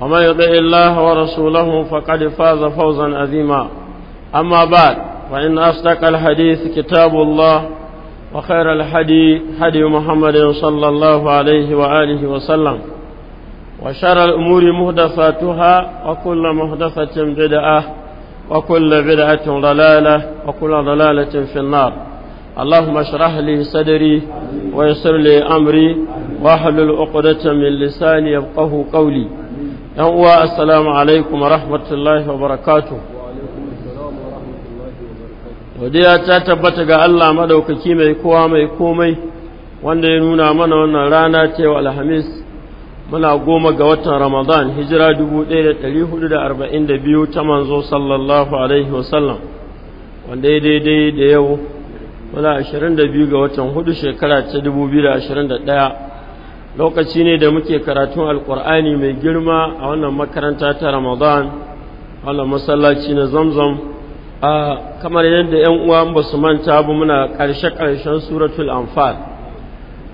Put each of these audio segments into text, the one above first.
ومن يطع الله ورسوله فقد فاز فوزا عظيما أما بعد فإن أصدق الحديث كتاب الله وخير الحدي حدي محمد صلى الله عليه وآله وسلم وشر الأمور مهدفاتها وكل مهدفة بدعة وكل بدعة ضلالة وكل ضلالة في النار اللهم اشرح لي صدري ويسر لي أمري واحلل عقدة من لساني يفقه قولي yan uwa assalamu alaikum rahmatullahi wa barakatu wadiya ta tabbata ga Allah madaukaki mai kowa mai komai wanda ya nuna mana wannan rana cewa alhamis muna goma ga watan ramadan hijira 1442 ta manzo sallallahu alaihi wasallam wanda ya daidai da yau muna 22 ga watan hudu shekara ta 2021 lokaci ne da muke karatun alkur'ani mai girma a wannan makaranta ta ramadan wannan masallaci na zamzam a kamar yadda yan uwa ba su manta ba muna karshe karshen suratul anfal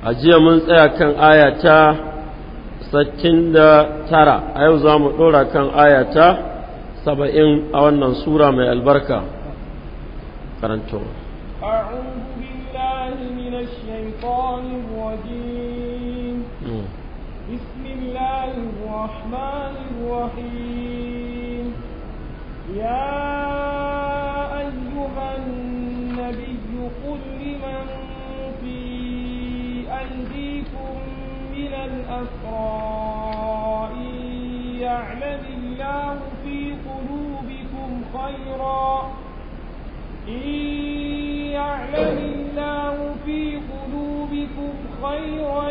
a jiya mun tsaya kan aya ta 69 a yau za mu ɗora kan aya ta 70 a wannan sura mai albarka karanto أعوذ بالله من الشيطان الله الرحمن الرحيم يا أيها النبي قل لمن في أيديكم من الأسرى يعلم الله في قلوبكم خيرا إن يعلم الله في قلوبكم خيرا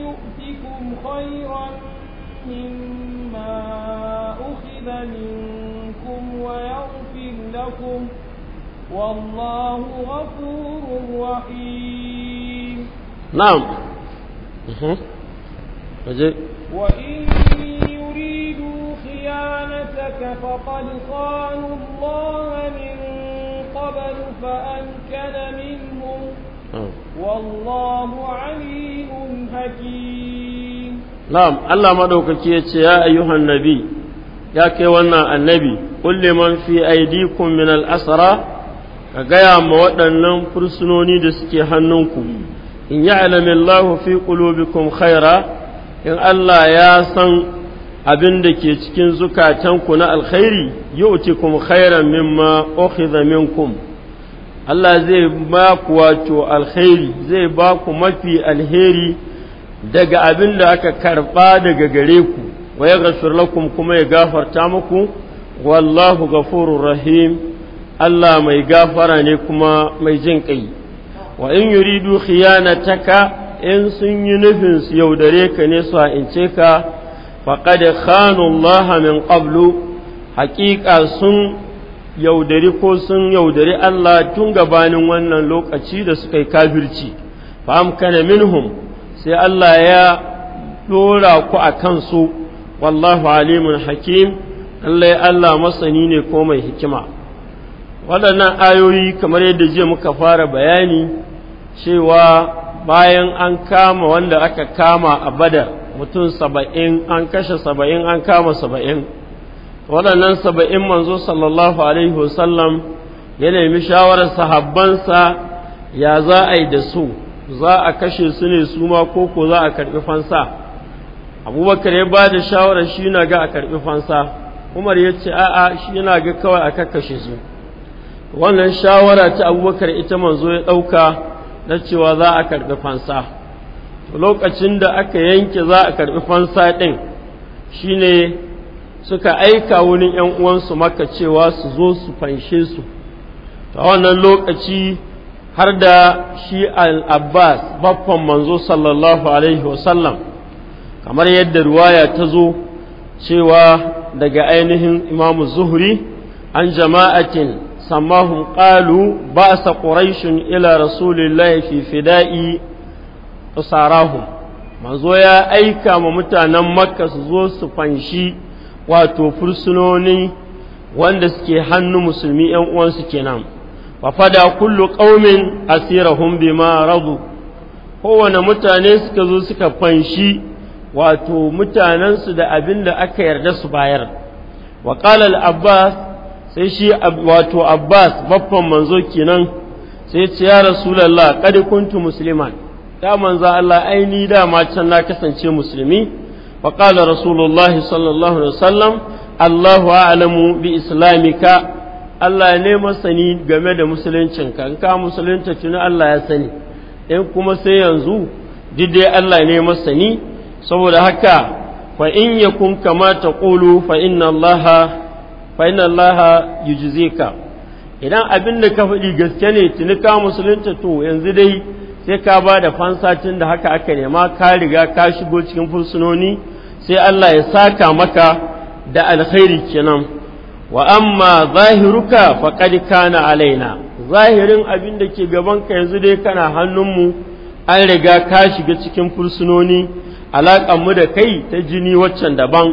يؤتكم خيرا مما أخذ منكم ويغفر لكم والله غفور رحيم نعم وإن يريدوا خيانتك فقد خانوا الله من قبل فأمكن منهم نعم. والله عليم حكيم na'am Allah maɗaukaki ya ce ya ayyuhan nabi ya kai wannan annabi kulli man fi aydikum min al'asara ka gaya ma waɗannan fursunoni da suke hannunku in ya'lamu alamin fi qulubikum khaira in Allah ya san abin da ke cikin zukatanku na alkhairi yu'tikum khairan mimma ukhidha minkum Allah zai ba ku wato alkhairi zai ba ku mafi alheri daga abin da aka karba daga gare ku wa gasar lakum kuma ya gafarta muku wallahu gafurur rahim Allah mai gafara ne kuma mai jin kai wa in yuridu taka, in sun yi nufin su yaudare ka ne su ha'ince ka faqad khanu Allah min qablu haƙiƙa sun yaudari ko sun yaudari Allah tun gabanin wannan lokaci da suka yi kafirci fa amkana minhum sai Allah ya dora ku a kansu wallahu alimun hakim ya Allah masani ne ko mai hikima waɗannan ayoyi kamar yadda jiya muka fara bayani cewa bayan an kama wanda aka kama a badar mutum saba'in an kashe saba'in an kama saba'in waɗannan saba'in manzo sallallahu alaihi wasallam ya nemi shawarar sahabbansa ya za a yi da su za a kashe su ne su ma ko ko za a karbi fansa abubakar ya ba da shawarar shi na ga a karbi fansa umar ya ce a'a shi yana ga kawai a kakkashe su wannan shawara ta abubakar ita manzo ya ɗauka na cewa za a karbi fansa lokacin da aka yanke za a karbi fansa ɗin shi ne suka aika wurin 'yan uwansu maka cewa su zo su fanshe su a wannan lokaci har da shi al-abbas baffan manzo sallallahu alaihi wasallam kamar yadda ruwaya ta zo cewa daga ainihin imamu zuhri an jama'atin ƙalu qalu ba'sa ƙuraishin ila rasulillahi fi fida'i usarahum manzo ya aika ma mutanen makka su zo su fanshi wato fursunoni wanda suke hannu musulmi 'yan uwansu kenan fafada kullu qaumin asirahum bima radu kowane mutane suka zo suka fanshi wato mutanensu da abin da aka yarda su bayar wa abbas sai shi wato abbas babban manzo kenan sai ce ya rasulullah kada kuntu musliman da manzo Allah aini dama can na kasance musulmi wa qala rasulullahi sallallahu alaihi wasallam Allahu a'lamu bi islamika Allah ya nema sani game da musuluncinka in ka musulunta tuni Allah ya sani in kuma sai yanzu duk dai Allah ya nema sani saboda haka fa in yakun kama qulu fa inna Allah fa inna Allah yujzika idan abin da ka faɗi gaske ne tuni ka musulunta to yanzu dai sai ka ba da tun da haka aka nema ka riga ka shigo cikin fursunoni sai Allah ya saka maka da alkhairi kenan wa amma zahiruka faqad kana alaina zahirin abin da ke gaban ka yanzu dai kana hannunmu an riga ka shiga cikin fursunoni mu da kai ta jini waccan daban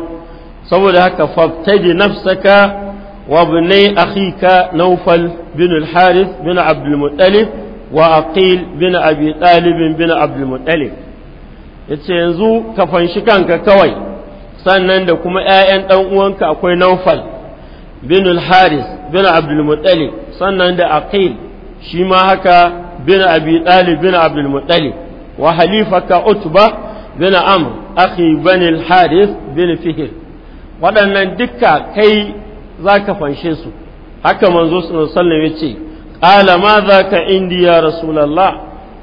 saboda haka fabtaji nafsaka wa bunai akhika naufal bin al-harith bin abdul muttalib wa aqil bin abi talib bin abdul muttalib yace yanzu ka fanshi kanka kawai sannan da kuma ƴaƴan dan uwanka akwai naufal bin al bin abdul muttalib sannan da aqil shi ma haka bin abi bin abdul muttalib wa ka utba bin amr akhi bin al bin fihr waɗannan dukka kai zaka fanshe su haka manzo sallallahu alaihi wasallam yace qala ma zaka indi ya rasulullah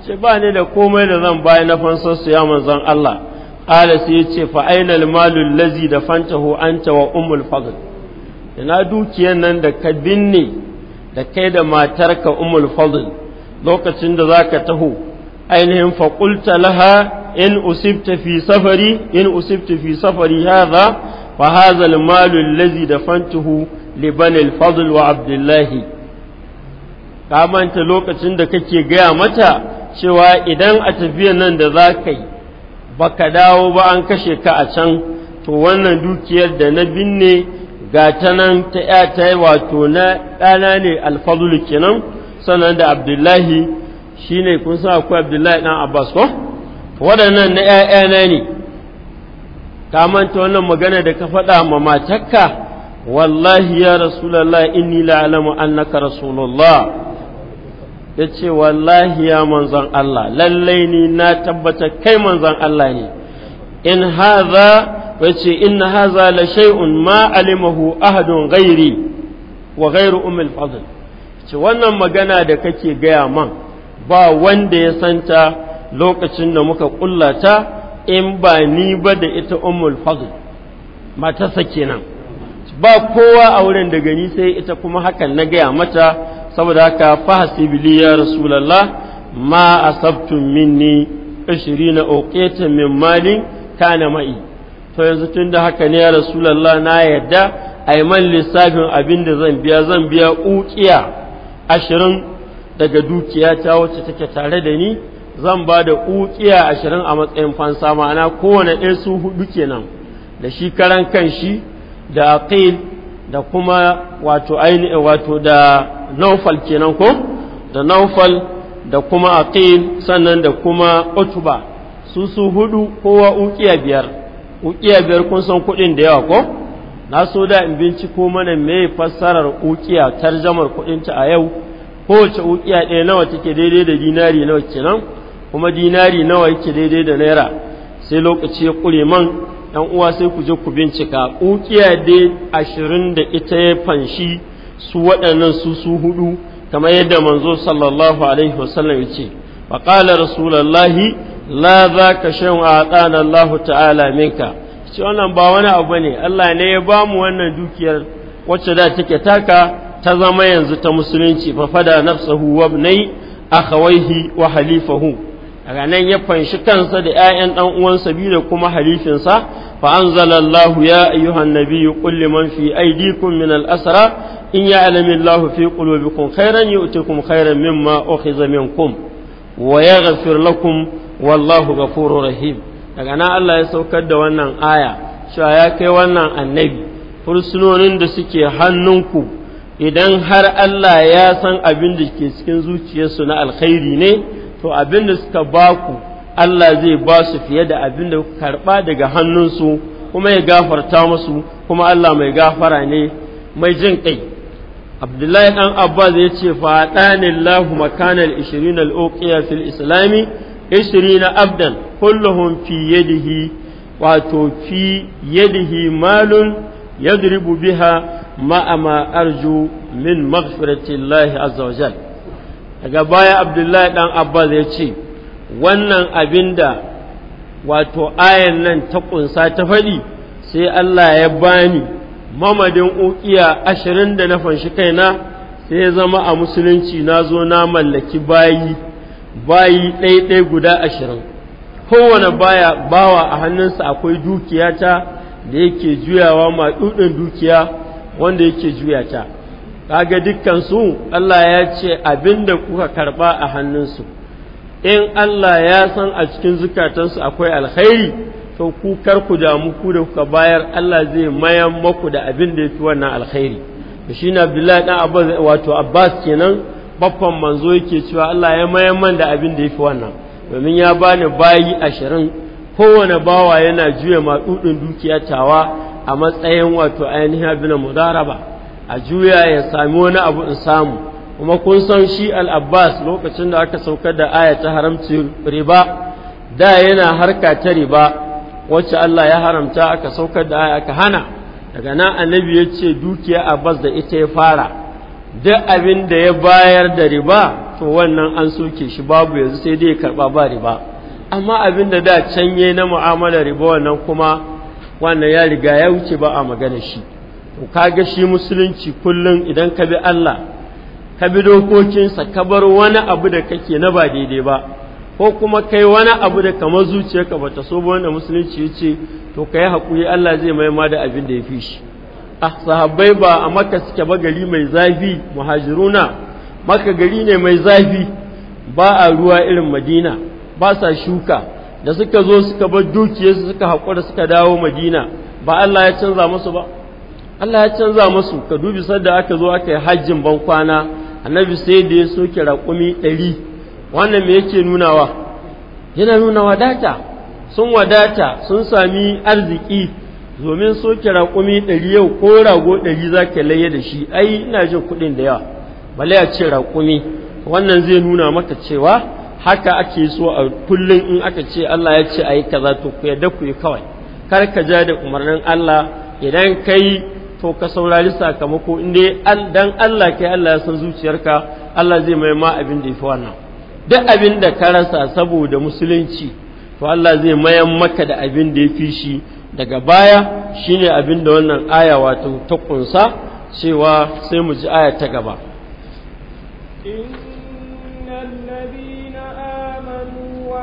ce ba ni da komai da zan bayi na fansar su ya manzon Allah qala sai yace fa ainal malul da fantahu anta wa ummul fadl ina dukiyan nan da ka binne da kai da matarka umul fadl lokacin da zaka taho ainihin faƙulta laha in usibta fi safari in usibta fi safari hadha fa hadha malu allazi dafantuhu li bani al-fadl wa abdullahi ka manta lokacin da kake gaya mata cewa idan a tafiyan nan da za ka yi baka dawo ba an kashe ka a can to wannan dukiyar da na binne ga ta nan ta ta yi wato na ɗana ne alfadul kenan sannan da abdullahi shi ne kun sa akwai abdullahi ɗan abbas ko waɗannan na ‘ya'yana ne ka manta wannan magana da ka faɗa ma matakka wallahi ya rasulallah inni la'alamu annaka rasulullah ya ce wallahi ya manzan Allah lallai ni na tabbata kai manzon Allah ne in haza bace inna haza la shay'un ma alimahu ahadun ghairi wa ghairu ummul fadl ce wannan magana da kake gaya man ba wanda ya santa lokacin da muka kullata in ba ni ba da ita ummul fadl matarsa kenan ba kowa a wurin da gani sai ita kuma hakan na gaya mata saboda haka fahasibili ya rasulallah ma asabtum minni 20 uqita min mali kana ma'i to yanzu tun da haka ne ya rasulallah na yadda a yi man lissafin abin da zan biya zan biya ukiya ashirin daga dukiya ta wacce take tare da ni zan ba da ukiya ashirin a matsayin fansa ma'ana kowane ɗaya su hudu kenan da shi karan kan shi da aqil da kuma wato ainihin wato da naufal kenan ko da naufal da kuma aqil sannan da kuma utuba su su hudu kowa ukiya biyar ukiya biyar kun san kuɗin da yawa ko na so da in binciko mana me fassarar ukiya tarjamar ta a yau kowace ukiya ɗaya nawa take daidai da dinari nawa kenan kuma dinari nawa yake daidai da naira sai lokaci ya kure man ɗan uwa sai ku je ku bincika ukiya dai ashirin da ita ya fanshi su waɗannan su su hudu kamar yadda manzo sallallahu alaihi wasallam ya ce faƙala rasulallahi la za ka shan a Allah ta'ala minka ce wannan ba wani abu ne Allah ne ya ba mu wannan dukiyar wacce da take taka ta zama yanzu ta musulunci fa fada nafsahu wa ibnai akhawaihi wa halifahu daga nan ya fanshi kansa da ƴaƴan dan uwansa biyu da kuma halifinsa fa anzalallahu ya ayyuhan nabiyyu qul liman fi aydikum min al-asra in ya'lamu Allahu fi qulubikum khairan yu'tikum khairan mimma ukhiza minkum wa yaghfir lakum wallahu ghafurur rahim daga nan Allah ya saukar da wannan aya cewa ya kai wannan annabi fursunonin da suke hannunku idan har Allah ya san abin da ke cikin zuciyarsu na alkhairi ne to abin da suka baku Allah zai ba su fiye da abin da karɓa daga hannunsu kuma ya gafarta musu kuma Allah mai gafara ne mai jin kai abdullahi ɗan abbas ya ce faɗani allahu makanar ishirin al'uqiya fil islami ishirin abdan kulluhum fi yadihi wato fi yadihi malun yadribu biha ma'a ma arju min maghfiratillahi azza wajal daga baya abdullahi ɗan abbas ya ce wannan abinda wato ayan nan ta ƙunsa ta faɗi sai Allah ya bani mamadin ukiya ashirin da na fanshi kaina sai ya zama a musulunci na zo na mallaki bayi bayi ɗaiɗai guda ashirin kowane baya bawa a hannunsa akwai dukiya ta da yake juyawa ma ɗuɗin dukiya wanda yake juya ta kaga dukkansu Allah ya ce abinda kuka karɓa a hannunsu in Allah ya san a cikin zukatansu akwai alkhairi to ku kar ku mu ku da kuka bayar Allah zai mayan maku da abin da fi wannan alkhairi da shi ne Abdullahi dan Abbas wato Abbas kenan babban manzo yake cewa Allah ya mayan man da abin da fi wannan domin ya bani bayi ashirin kowane bawa yana juya maɗuɗin dukiya tawa a matsayin wato ainihin abin mudaraba a juya ya sami wani abu in samu kuma kun san shi al-Abbas lokacin da aka saukar da aya ta haramci riba da yana harka ta riba wacce Allah ya haramta aka saukar da aka hana daga nan annabi ya ce dukiya abbas da ita ya fara duk abin da ya bayar da riba to wannan an soke shi babu yanzu sai dai karba ba riba amma abin da da can yi na mu'amala riba wannan kuma wannan ya riga ya wuce ba a magana shi to kaga shi musulunci kullum idan ka bi Allah ka bi dokokinsa ka bar wani abu da kake na ba daidai ba ko kuma kai wani abu da kamar zuciyarka bata so ba wanda musulunci ya ce to ka yi haƙuri Allah zai mai ma da abin da ya fi shi a ah, sahabbai ba a maka suke ba gari mai zafi muhajiruna maka gari ne mai zafi ba a ruwa irin madina ba sa shuka da suka zo suka bar dukiyarsu suka haƙura suka dawo madina ba Allah ya canza masu ba Allah ya canza musu ka dubi sadda aka zo aka yi hajjin ban kwana annabi sai da ya soke raƙumi ɗari wannan me yake nunawa yana nuna wadata sun wadata sun sami arziki domin soke raƙumi ɗari yau ko rago ɗari za ka laye da shi ai ina jin kuɗin da yawa bale ce raƙumi wannan zai nuna maka cewa haka ake so a kullum in aka ce Allah ya ce ayi kaza to ku yadda ku yi kawai kar ka ja da umarnin Allah idan kai to ka saurari sakamako in dai dan Allah kai Allah ya san zuciyarka Allah zai mai ma abin da yafi wannan duk abin da ka rasa saboda musulunci to Allah zai mayan maka da abin da ya fi shi daga baya shine abin da wannan aya wato ta kunsa cewa sai mu ji aya ta gaba Mm. ladina amanu wa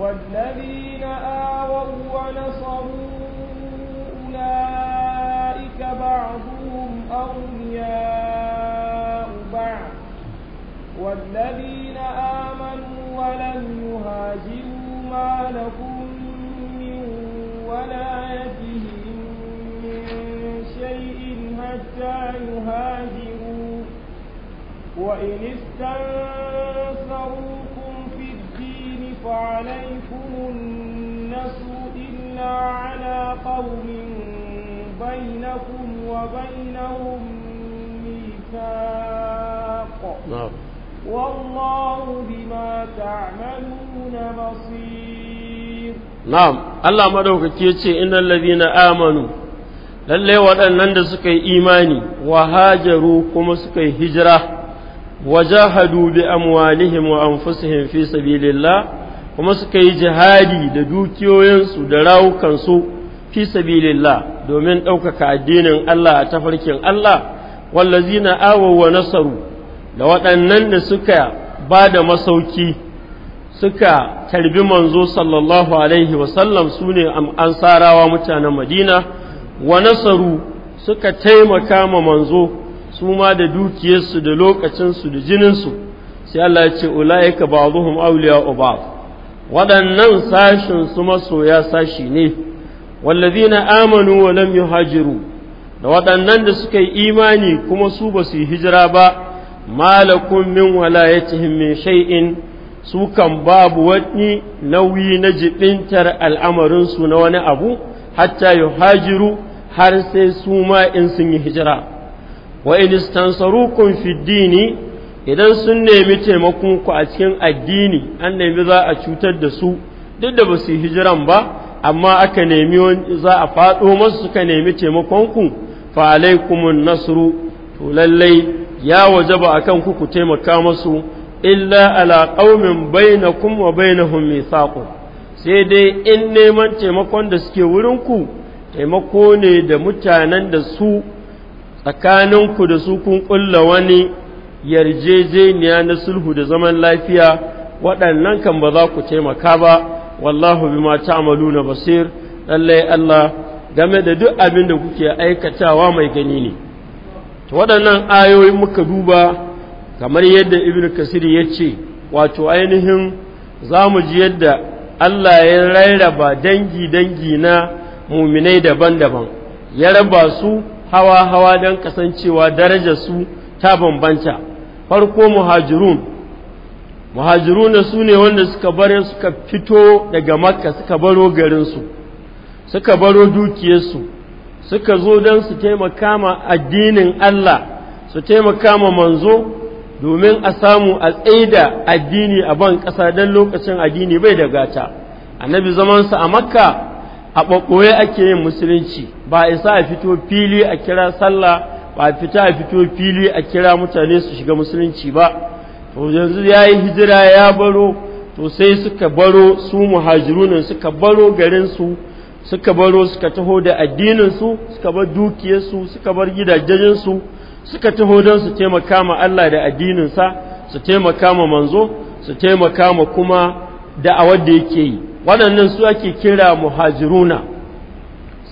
والذين آووا ونصروا أولئك بعضهم أولياء بعض والذين آمنوا ولم يهاجروا ما لكم من ولايتهم من شيء حتى يهاجروا وإن استنصروكم يكشف عليكم النصر إلا على قوم بينكم وبينهم ميثاق نعم والله بما تعملون بصير نعم الله مدوكك يتي إن الذين آمنوا lalle waɗannan da suka yi imani wa hajaru kuma suka yi hijira wa jahadu bi amwalihim wa anfusihim fi sabilillah kuma suka yi jihadi da dukiyoyinsu da rawukansu fi sabilillah domin ɗaukaka addinin Allah a tafarkin Allah wallazina awaw wa nasaru da waɗannan da suka ba da masauki suka tarbi manzo sallallahu alaihi wasallam su ne ansarawa mutanen madina wa nasaru suka taimaka ma manzo su ma da dukiyarsu da lokacinsu da jininsu sai Allah ya ce ula'ika ba'dhum awliya'u ba'd waɗannan sashin su masoya sashi ne wallazina amanu wa lam yuhajiru da waɗannan da suka yi imani kuma su ba su yi hijira ba malakun min walayatihim min shay'in su kan babu wani nauyi na jibintar al'amarinsu na wani abu hatta yuhajiru har sai su ma in sun yi hijira wa in istansarukum fid dini idan sun nemi taimakon ku a cikin addini an nemi za a cutar da su duk da ba su hijiran ba amma aka nemi za a faɗo masu suka nemi taimakon ku fa alaikumun nasru to lallai ya waje wajaba akan ku ku taimaka masu illa ala qaumin bainakum wa bainahum mithaqun sai dai in neman taimakon da suke wurin ku taimako ne da mutanen da su tsakaninku da su kun ƙulla wani yarjejeniya na sulhu da zaman lafiya waɗannan kan ba za ku taimaka ba wallahu bima ta'maluna basir lallai Allah game da duk abin da kuke aikatawa mai gani ne to waɗannan ayoyin muka duba kamar yadda ibnu kasir ya ce wato ainihin za mu ji yadda Allah ya rairaba dangi-dangi na muminai daban-daban ya raba su hawa-hawa don kasancewa darajar su ta bambanta farko muhajirun muhajirun su ne wanda suka bare suka fito daga makka suka baro garinsu suka baro dukiyarsu suka zo don su taimaka ma addinin Allah su taimaka ma manzo domin a samu a tsaida addini a ban ƙasa don lokacin addini bai da gata annabi zamansa a makka a ɓaɓɓoye ake yin musulunci ba isa a fito fili a kira sallah ba a fita a fito fili a kira mutane su shiga musulunci ba to yanzu ya yi hijira ya baro to sai suka baro su muhajirunan suka baro garinsu suka baro suka taho da addininsu suka bar dukiyarsu suka bar gidajensu suka taho don su taimaka ma Allah da addininsa su taimaka ma manzo su taimaka ma kuma da'awar da yake yi waɗannan su ake kira muhajiruna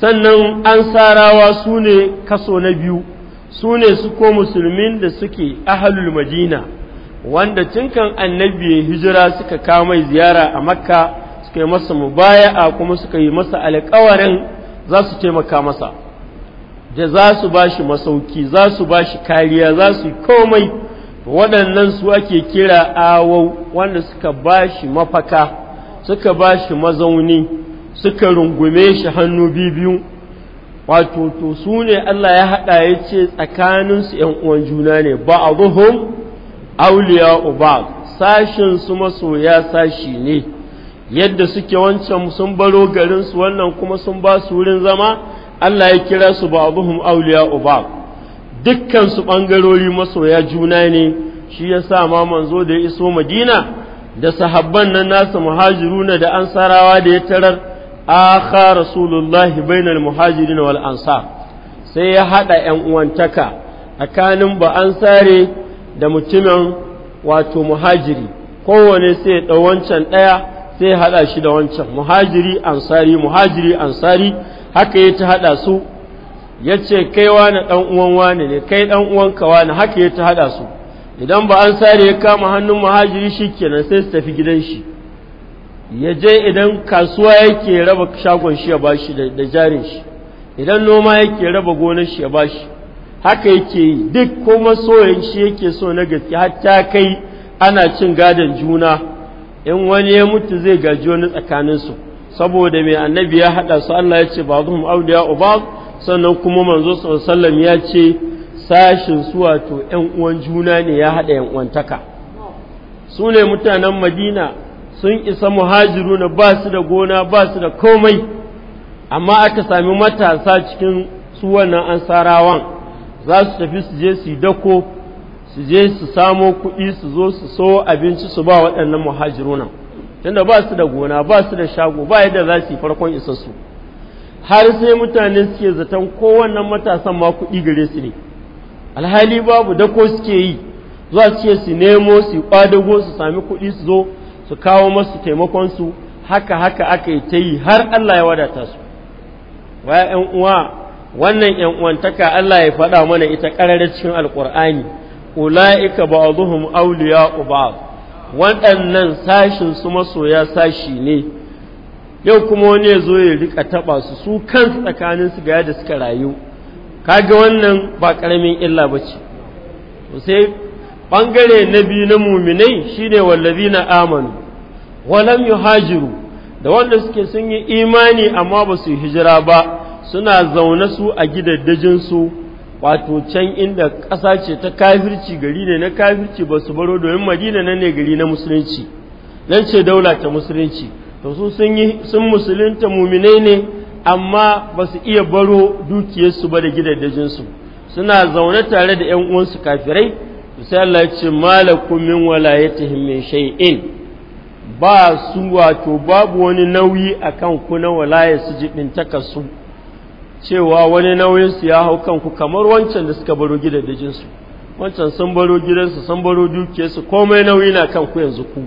sannan ansarawa su ne kaso na biyu su ne su ko musulmin da suke ahalul madina wanda tunkan annabi ya hijira suka kawo mai ziyara a makka suka yi masa mubaya'a kuma suka yi masa alƙawarin za su taimaka masa da za su ba shi masauki za su ba shi kariya za su yi komai waɗannan su ake kira awau wanda suka ba shi mafaka suka ba shi mazauni suka rungume shi hannu biyu wato to su ne Allah ya haɗa ya ce tsakaninsu ‘yan uwan juna ne ba a zuhun auliya uba sashin su masoya sashi ne yadda suke wancan sun baro garinsu wannan kuma sun ba su wurin zama Allah ya kira su ba a zuhun auliya uba dukkansu ɓangarori masoya juna ne shi ya sa ma manzo da ya iso madina da sahabban nan nasa muhajiruna da ansarawa da ya tarar akha rasulullahi bainal muhajirin wal ansar sai ya hada yan uwantaka tsakanin ba ansare da mutumin wato muhajiri kowane sai ya dau wancan ɗaya sai ya haɗa shi da wancan muhajiri ansari muhajiri ansari haka ya ta haɗa su ya kai wani ɗan uwan wani ne kai ɗan uwan ka wani haka ya ta haɗa su idan ba ansari ya kama hannun muhajiri shi kenan sai su tafi gidan shi ya je idan kasuwa yake raba shagon shi ya bashi da jarin shi idan noma yake raba gonar shi ya bashi haka yake yi duk kuma soyan shi yake so na gaske hatta kai ana cin gadon juna in wani ya mutu zai gaji wani tsakanin su saboda mai annabi ya haɗa su Allah ya ce ba zuhum ya uba sannan kuma manzo sallam ya ce sashin su wato ƴan uwan juna ne ya haɗa ƴan uwantaka su ne mutanen Madina sun isa muhajiruna ba su da gona ba su da komai amma aka sami matasa cikin su wannan ansarawan za su tafi su je su dako su je su samo kuɗi su zo su so abinci su ba waɗannan muhajiruna tunda ba su da gona ba su da shago ba yadda za su yi farkon isa su har sai mutane suke zaton kowannan matasan ma kuɗi gare su ne alhali babu dako suke yi zuwa suke su nemo su kwadago su sami kuɗi su zo su kawo masu taimakonsu haka haka aka yi ta yi har Allah ya wadata su waya ‘yan uwa wannan ‘yan uwantaka Allah ya faɗa mana ita ƙarar cikin alƙur'ani ula'ika ba a zuhun auliya uba waɗannan sashin su masoya sashi ne yau kuma wani ya zo ya rika taɓa su su kan su ga yadda suka rayu kaga wannan ba ƙaramin illa ba ce Bangare na biyu na muminai shine wallazi na amanu walam hajiru da wanda suke sun yi imani amma ba su hijira ba suna zaune su a gidaddajinsu wato can inda ƙasa ce ta kafirci gari ne na kafirci ba su baro domin madina nan ne gari na musulunci nan ce daula ta musulunci to su sun yi sun musulunta muminai ne amma ba su iya baro dukiyarsu ba da gidaddajinsu suna zaune tare da 'yan uwansu kafirai sai Allah ya ce malakum min walayatihim min shay'in ba su wato babu wani nauyi akan ku na walaya su jibintaka su cewa wani nauyin su ya hau kanku kamar wancan da suka baro gidajen su wancan sun baro gidansu sun baro dukiyarsu komai nauyi na kanku yanzu ku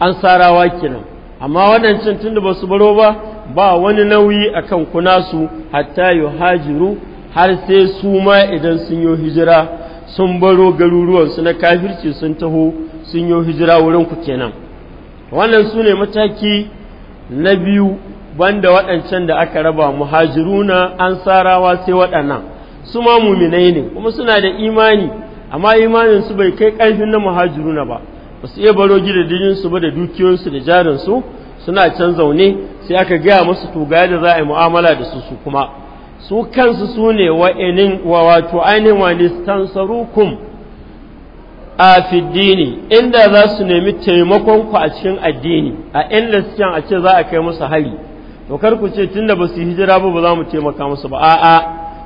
an sarawa kenan amma waɗancan tunda ba su baro ba ba wani nauyi a kan kuna su hatta yi hajiru har sai su ma idan sun yi hijira sun baro garuruwansu na kafirci sun taho sun yi hijira wurin ku kenan wannan su ne mataki na biyu banda waɗancan da aka raba muhajiruna ansarawa sai waɗannan su ma muminai ne kuma suna da imani amma imanin su bai kai ƙarfin na muhajiruna ba ba su iya baro gidajen su ba da dukiyoyinsu da jarinsu suna can zaune sai aka gaya musu to da za a yi mu'amala da su su kuma su kansu su ne wa wato ainihin wanistansarukum a fiddini inda za su nemi taimakonku a cikin addini a inda suke a ce za a kai musu hari to kar ku ce tunda ba su hijira ba ba za mu taimaka musu ba a'a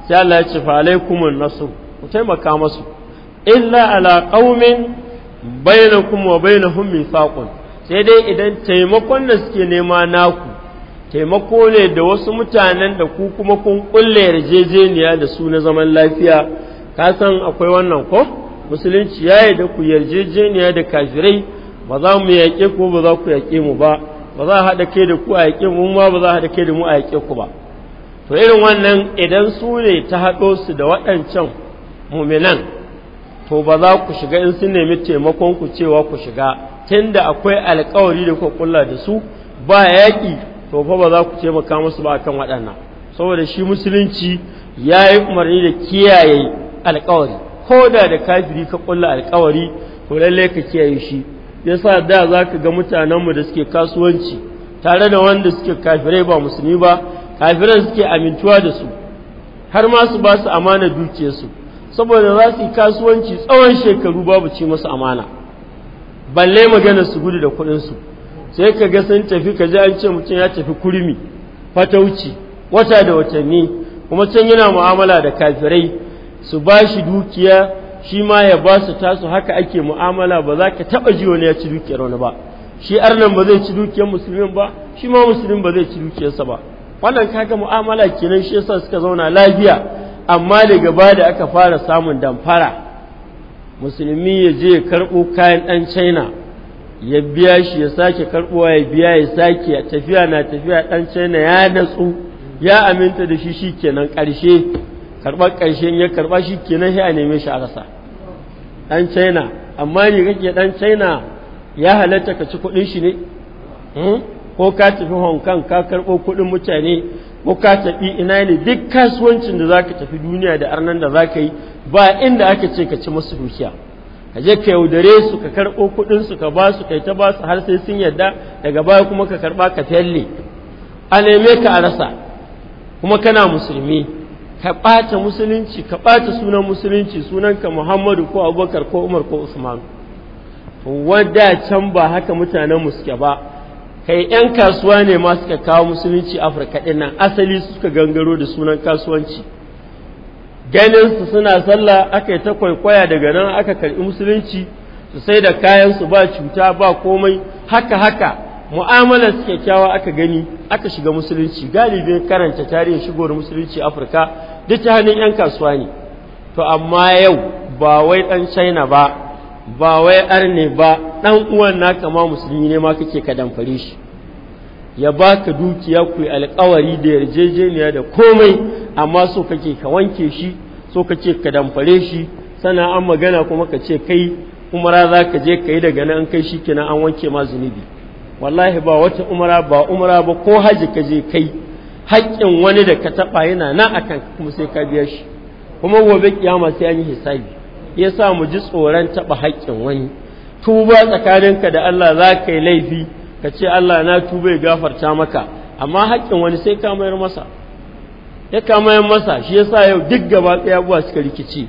sai Allah ya ce fa nasu ku taimaka musu illa ala qaumin bainakum wa bainahum mithaqun sai dai idan taimakon da suke nema naku taimako ne da wasu mutanen da ku kuma kun kulle yarjejeniya da su na zaman lafiya ka san akwai wannan ko musulunci yayi da ku yarjejeniya da kafirai ba za mu yaƙe ku ba za ku yaƙe mu ba ba za a haɗa kai da ku a yaƙe mu ba ba za a haɗa kai da mu a yaƙe ku ba to irin wannan idan su ne ta haɗo su da waɗancan muminan to ba za ku shiga in sun nemi taimakon ku cewa ku shiga tunda akwai alkawari da kuka kulla da su ba yaƙi to fa ba za ku taimaka musu ba akan waɗannan saboda shi musulunci ya yi umarni da kiyaye alkawari ko da da kafiri ka kulla alkawari to lallai ka kiyaye shi yasa da za ka ga mutanenmu da suke kasuwanci tare da wanda suke kafirai ba musulmi ba kafiran suke amintuwa da su har ma su ba su amana dukiyarsu saboda za su yi kasuwanci tsawon shekaru babu ci masu amana balle magana su gudu da kuɗinsu sai ka ga sun tafi ka ji an ce mutum ya tafi kurmi fatauci wata da watanni kuma can yana mu'amala da kafirai su ba shi dukiya shi ma ya ba su tasu haka ake mu'amala ba za ka taɓa ji wani ya ci dukiyar wani ba shi arnan ba zai ci dukiyar musulmin ba shi ma musulmin ba zai ci dukiyarsa ba wannan kaga mu'amala kenan shi yasa suka zauna lafiya amma daga gaba da aka fara samun damfara musulmi ya je ya karɓo kayan ɗan china ya biya shi ya sake karbuwa ya biya ya sake tafiya na tafiya dan china ya natsu ya aminta da shi shikenan karshe karbar karshen ya karba shikenan sai a neme shi a rasa dan china amma ni kake dan china ya halatta ka ci kudin shi ne hmm? ko ka tafi hong kong ka karbo kudin mutane ko ka tafi ina ne duk kasuwancin da zaka tafi duniya da arnan da za ka yi ba inda aka ce ka ci musu dukiya ka je ka yaudare su ka karɓo kuɗin su ka ba su kai ta ba su har sai sun yarda daga baya kuma ka karɓa ka fyalle a neme ka a rasa kuma kana musulmi ka ɓata musulunci ka ɓata sunan musulunci sunanka muhammadu ko abubakar ko umar ko usman wadda can ba haka mutanen suke ba kai 'yan kasuwa ne ma suka kawo musulunci afirka ɗin nan asali suka gangaro da sunan kasuwanci ganin su suna sallah aka yi ta kwaikwaya daga nan aka karɓi musulunci su sai da kayan su ba cuta ba komai haka haka mu'amalar su kyakkyawa aka gani aka shiga musulunci galibin karanta tarihin shigowar musulunci afirka duk ta hannun 'yan kasuwa ne to amma yau ba wai ɗan china ba ba wai arne ba ɗan uwan naka ma musulmi ne ma kake ka damfare shi ya baka dukiya ku alkawari da yarjejeniya da komai amma so kake ka wanke shi so kake ka damfare shi sana an magana kuma ka ce kai umara za ka je ka yi daga nan kai shi kina an wanke ma zunubi wallahi ba wata umara ba umara ba ko haji ka je kai haƙƙin wani da ka taɓa yana na a kan kuma sai ka biya shi kuma gobe kiyama sai an yi hisabi sa mu ji tsoron taɓa haƙƙin wani tuba tsakaninka da Allah za ka yi laifi ka ce Allah na tuba ya gafarta maka amma haƙƙin wani sai ka mayar masa ya ka mayar masa shi yasa yau duk gaba ɗaya buwa suka rikici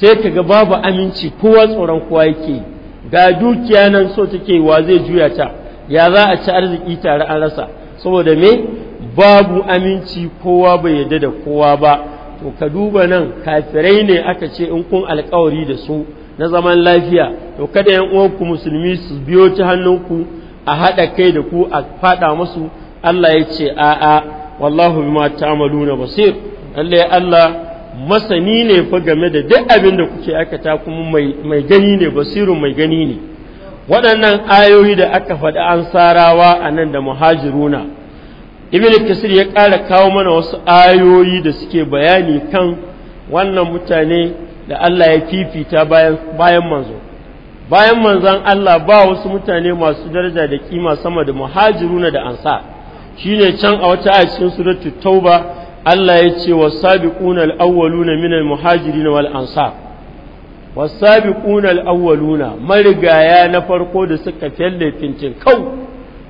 sai ka ga babu aminci kowa tsoron kowa yake ga dukiya nan so take wa zai juya ta ya za a ci arziki tare an rasa saboda me babu aminci kowa bai yarda da kowa ba to ka duba nan kafirai ne aka ce in kun alkawari da su na zaman lafiya to kada yan uwanku musulmi su biyo ta hannunku a haɗa kai da ku a faɗa musu Allah ya ce a'a wallahu bima ta'maluna basir ya Allah masani ne fa game da duk abin da kuke aikata kuma mai mai gani ne basirun mai gani ne waɗannan ayoyi da aka faɗi an sarawa anan da muhajiruna ibn kasir ya ƙara kawo mana wasu ayoyi da suke bayani kan wannan mutane da Allah ya fifita bayan bayan manzo bayan manzan Allah ba wasu mutane masu daraja da kima sama da muhajiruna da ansa shine can a wata a cikin suratul tauba Allah ya ce wasabiquna alawwaluna minal muhajirin wal ansar wasabiquna alawwaluna marigaya na farko da suka felle fintin kau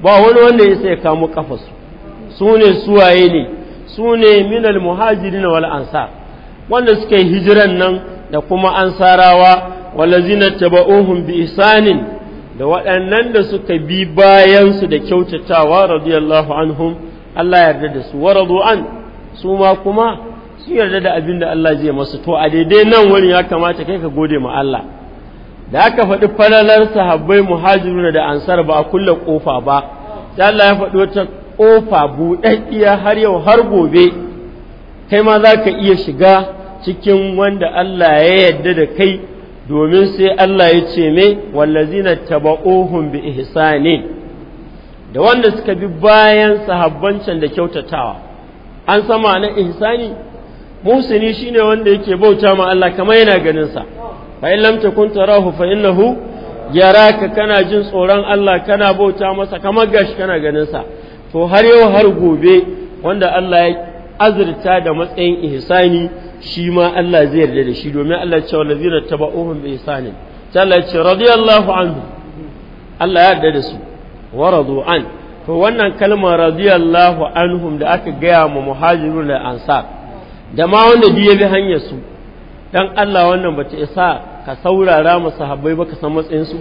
ba wani wanda ya sai kamo kafasu su ne suwaye ne su ne minal muhajirin wal walansa, wanda suka yi hijiran nan da kuma ansarawa walazina taba'uhum bi isanin da waɗannan da suka bi bayansu da kyautatawa radiyallahu anhum Allah yarda da su wa an su ma kuma su yarda da abin da Allah zai masu to a daidai nan wani ya kamata kai ka gode ma Allah da aka faɗi falalar sahabbai muhajirun da ansar ba a kulle ƙofa ba sai Allah ya faɗi wata ƙofa buɗaɗɗiya har yau har gobe kai ma za ka iya shiga cikin wanda Allah ya yarda da kai domin sai Allah ya ce me wallazina taba'uhum bi ihsanin da wanda suka bi bayan sahabbancan da kyautatawa an sama na ihsani musuni shine wanda yake bauta ma Allah kamar yana ganin sa fa in lam takun tarahu fa innahu yaraka kana jin tsoron Allah kana bauta masa kamar gashi kana ganin sa to har yau har gobe wanda Allah ya azurta da matsayin ihsani shi ma Allah zai yarda da shi domin Allah ya ce wallazina taba'uhum bi ihsanin sai Allah ya ce radiyallahu anhu Allah ya yarda da su wa radu an to wannan kalma radiyallahu anhum da aka gaya ma muhajirun da ansa da ma wanda duk ya bi hanyar su dan Allah wannan bata isa ka saurara mu sahabbai ba ka san matsayin su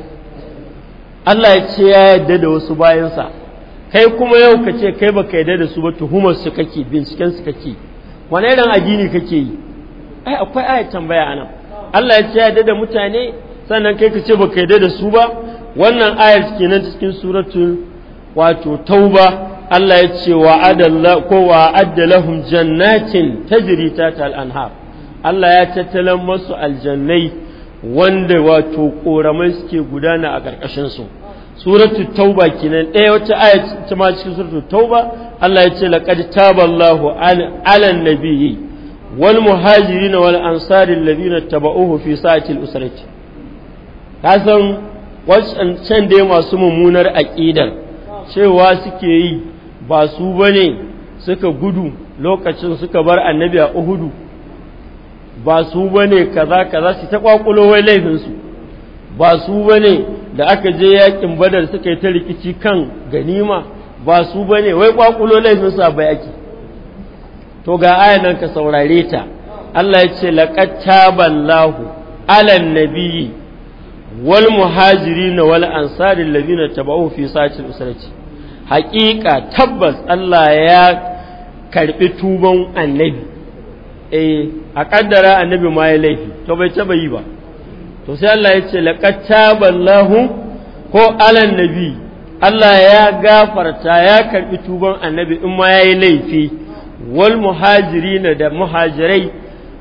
Allah ya ce ya yarda da wasu bayansa kai kuma yau ka ce kai baka yarda da su ba tuhumar su kake binciken su kake wani irin addini kake yi ai akwai ayat tambaya anan Allah ya ce ya da mutane sannan kai ka ce ba daida da su ba wannan ayar kenan cikin suratul wato tauba Allah ya ce wa ko wa adda jannatin tajri ta tal anhar Allah ya tattala masu aljannai wanda wato koramai suke gudana a ƙarƙashin su suratul tauba kenan ɗaya wata aya ta ma cikin suratu tauba Allah ya ce laqad taballahu ala nabiyyi wal muhajirin wal ansari alladhina tabauhu fi sa'atil usrati kasan can dai masu mummunar aƙidar cewa suke yi ba su bane suka gudu lokacin suka bar annabi a uhudu ba su bane kaza kaza su ta kwakulo wai laifin su ba su bane da aka je yakin badar suka yi ta rikici kan ganima ba su bane wai kwakulo laifin su bai ake to ga ayan nan ka saurare ta Allah ya ce laqad taballahu ala nabiyyi wal muhajirin wal ansari alladhina tabahu fi sa'ati usrati haqiqa tabbas Allah ya karbi tuban annabi eh a kaddara annabi ma ya laifi to bai taba yi ba to sai Allah ya ce laqad taballahu ko alan nabiyyi Allah ya gafarta ya karbi tuban annabi in ma yayi laifi wal muhajirina da muhajirai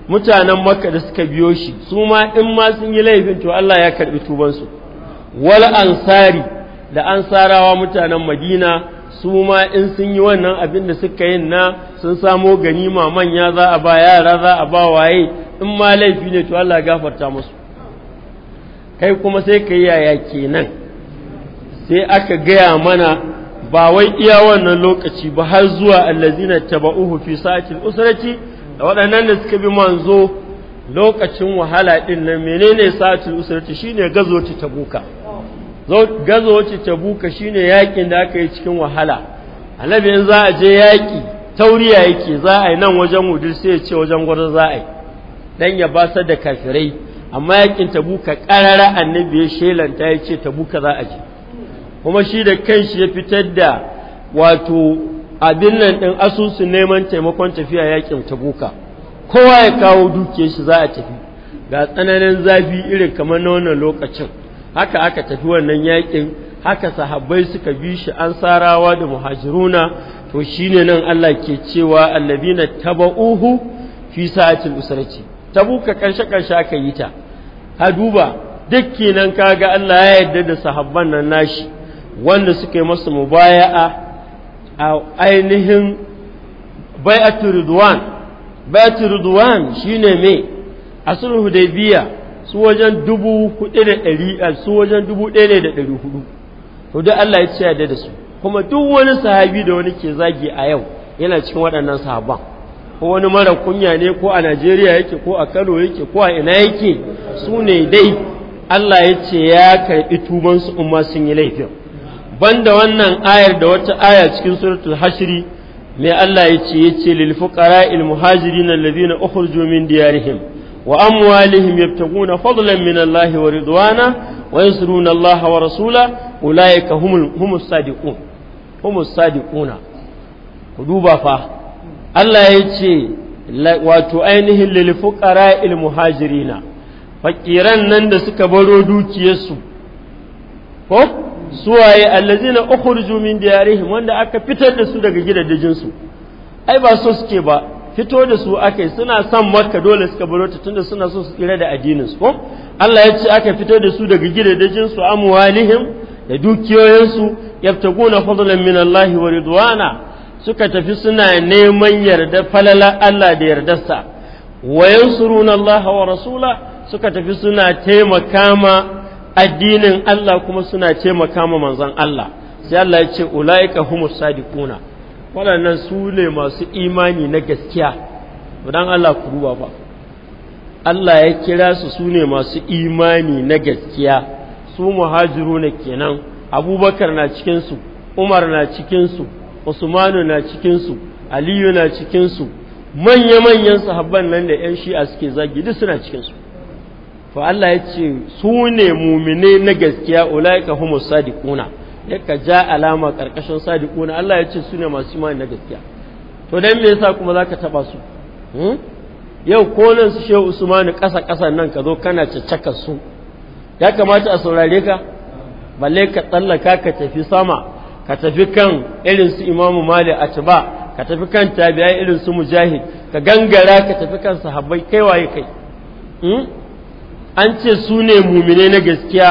mutanen makka da suka biyo shi su ma in ma sun yi laifin to Allah ya karɓi tubansu wal ansari da ansarawa mutanen madina su ma in sun yi wannan abin da suka yin na sun samo gani ma manya za a ba yara za a ba waye in ma laifi ne to Allah ya gafarta musu kai kuma sai ka yi yaya kenan sai aka gaya mana ba wai iya wannan lokaci ba har zuwa allazina taba'uhu fi sa'atil usrati da waɗannan da suka bi manzo lokacin wahala din nan menene sa'atil usrati shine gazoti tabuka gazoti tabuka shine yakin da aka yi cikin wahala annabi in za a je yaki tauriya yake za a yi nan wajen wudur sai ya ce wajen gwada za a yi dan ya basar da kafirai amma yakin tabuka karara annabi ya shelanta ya ce tabuka za a je kuma shi da kanshi ya fitar da wato abin nan ɗin asusun neman taimakon tafiya yakin tabuka kowa ya kawo dukiyar shi za a tafi ga tsananin zafi irin kamar na wannan lokacin haka aka tafi wannan yakin haka sahabbai suka bi shi an sarawa da muhajiruna to shine nan Allah ke cewa allabina taba'uhu fi sa'atil usrati tabuka karshe karshe aka yi ta ha duba duk kenan kaga Allah ya yarda da sahabban nan nashi wanda suke masa mubaya'a a ainihin bai'atu ridwan bai'atu ridwan shine me asulul hudaybiya su wajen dubu hudu da ɗari su wajen dubu ɗaya da ɗari hudu to Allah ya ce yarda da su kuma duk wani sahabi da wani ke zagi a yau yana cikin waɗannan sahaban ko wani mara kunya ne ko a Najeriya yake ko a Kano yake ko a ina yake su ne dai Allah ya ce ya karɓi tubansu in ma sun yi laifin banda wannan ayar da wata aya cikin suratul hashri mai Allah ya ce ya ce lil fuqara'il muhajirin alladhina ukhrijoo min diyarihim wa amwalihim yabtaguna fadlan min Allah wa ridwana wa yansuruna Allah wa rasula ulaika humul humus sadiqun humus sadiquna ku duba fa Allah ya ce wato ainihin lil fuqara'il muhajirina fakiran nan da suka baro dukiyarsu ko suwaye allazina ukhruju min diyarihim wanda aka fitar da su daga gidajen su ai ba so suke ba fito da su ake, suna son makka dole suka baro ta tunda suna so su tsira da addinin su ko Allah ya ce aka fito da su daga gidajen su amwalihim da dukiyoyinsu su yabtaguna fadlan min Allah wa ridwana suka tafi suna neman yarda falala Allah da yardarsa wa yansuruna Allah wa rasula suka tafi suna taimaka ma addinin Allah kuma suna taimaka makama manzon Allah sai Allah ya ce ulaika humus sadiquna waɗannan su ne masu imani na gaskiya dan Allah ku ruwa ba Allah ya kira su su ne masu imani na gaskiya su muhajiru ne kenan abubakar na cikinsu umar na cikinsu usmanu na cikinsu aliyu na cikinsu manya-manyan sahabban nan da 'yan shi'a suke zagi duk suna cikinsu to Allah ya ce su ne mumine na gaskiya ulaika humu sadiquna yakka ja alama karkashin sadiquna Allah ya ce su ne masu imani na gaskiya to dan me yasa kuma zaka taba su hmm? yau ko nan su shehu usmanu kasa kasa nan ka zo kana caccaka su ya kamata a saurare ka balle ka tsallaka ka tafi sama ka tafi kan irin su imamu mali a ba ka tafi kan tabiya irin su mujahid ka gangara ka tafi kan sahabbai kai waye kai hmm? an ce su ne mumine na gaskiya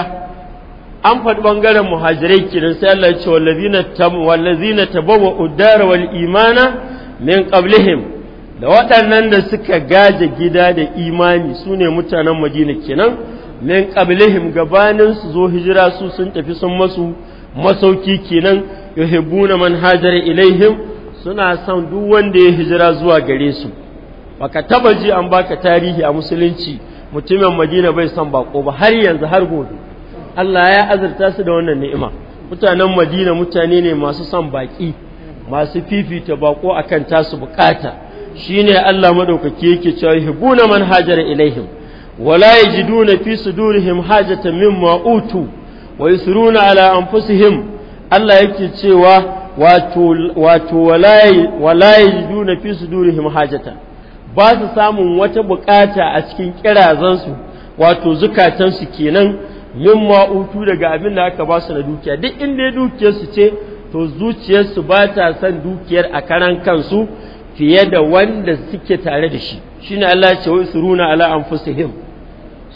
an faɗi ɓangaren muhajirai kenan sai Allah ce wallazina wa udara wal imana min qablihim da waɗannan da suka gaje gida da imani su ne mutanen madina kenan min qablihim gabanin su zo hijira su sun tafi sun masu masauki kenan yuhibbuna man hajara ilaihim suna son duk wanda ya hijira zuwa gare su baka taba ji an baka tarihi a musulunci mutumin madina bai son bako ba har yanzu har gobe Allah ya azurta su da wannan ni'ima mutanen madina mutane ne masu son baki masu fifita bako akan tasu bukata shine Allah madaukaki yake cewa hibuna man hajara ilaihim wala yajiduna fi sudurihim hajatan mimma utu wa yusiruna ala anfusihim Allah yake cewa wato wato wala yajiduna fi sudurihim hajatan ba su samun wata bukata a cikin kirazansu wato zukatansu kenan yin ma'utu daga abin da aka ba su na dukiya duk inda ya dukiyarsu ce to zuciyarsu ba ta son dukiyar a karan kansu fiye da wanda suke tare da shi shine Allah ce wa suruna ala anfusihim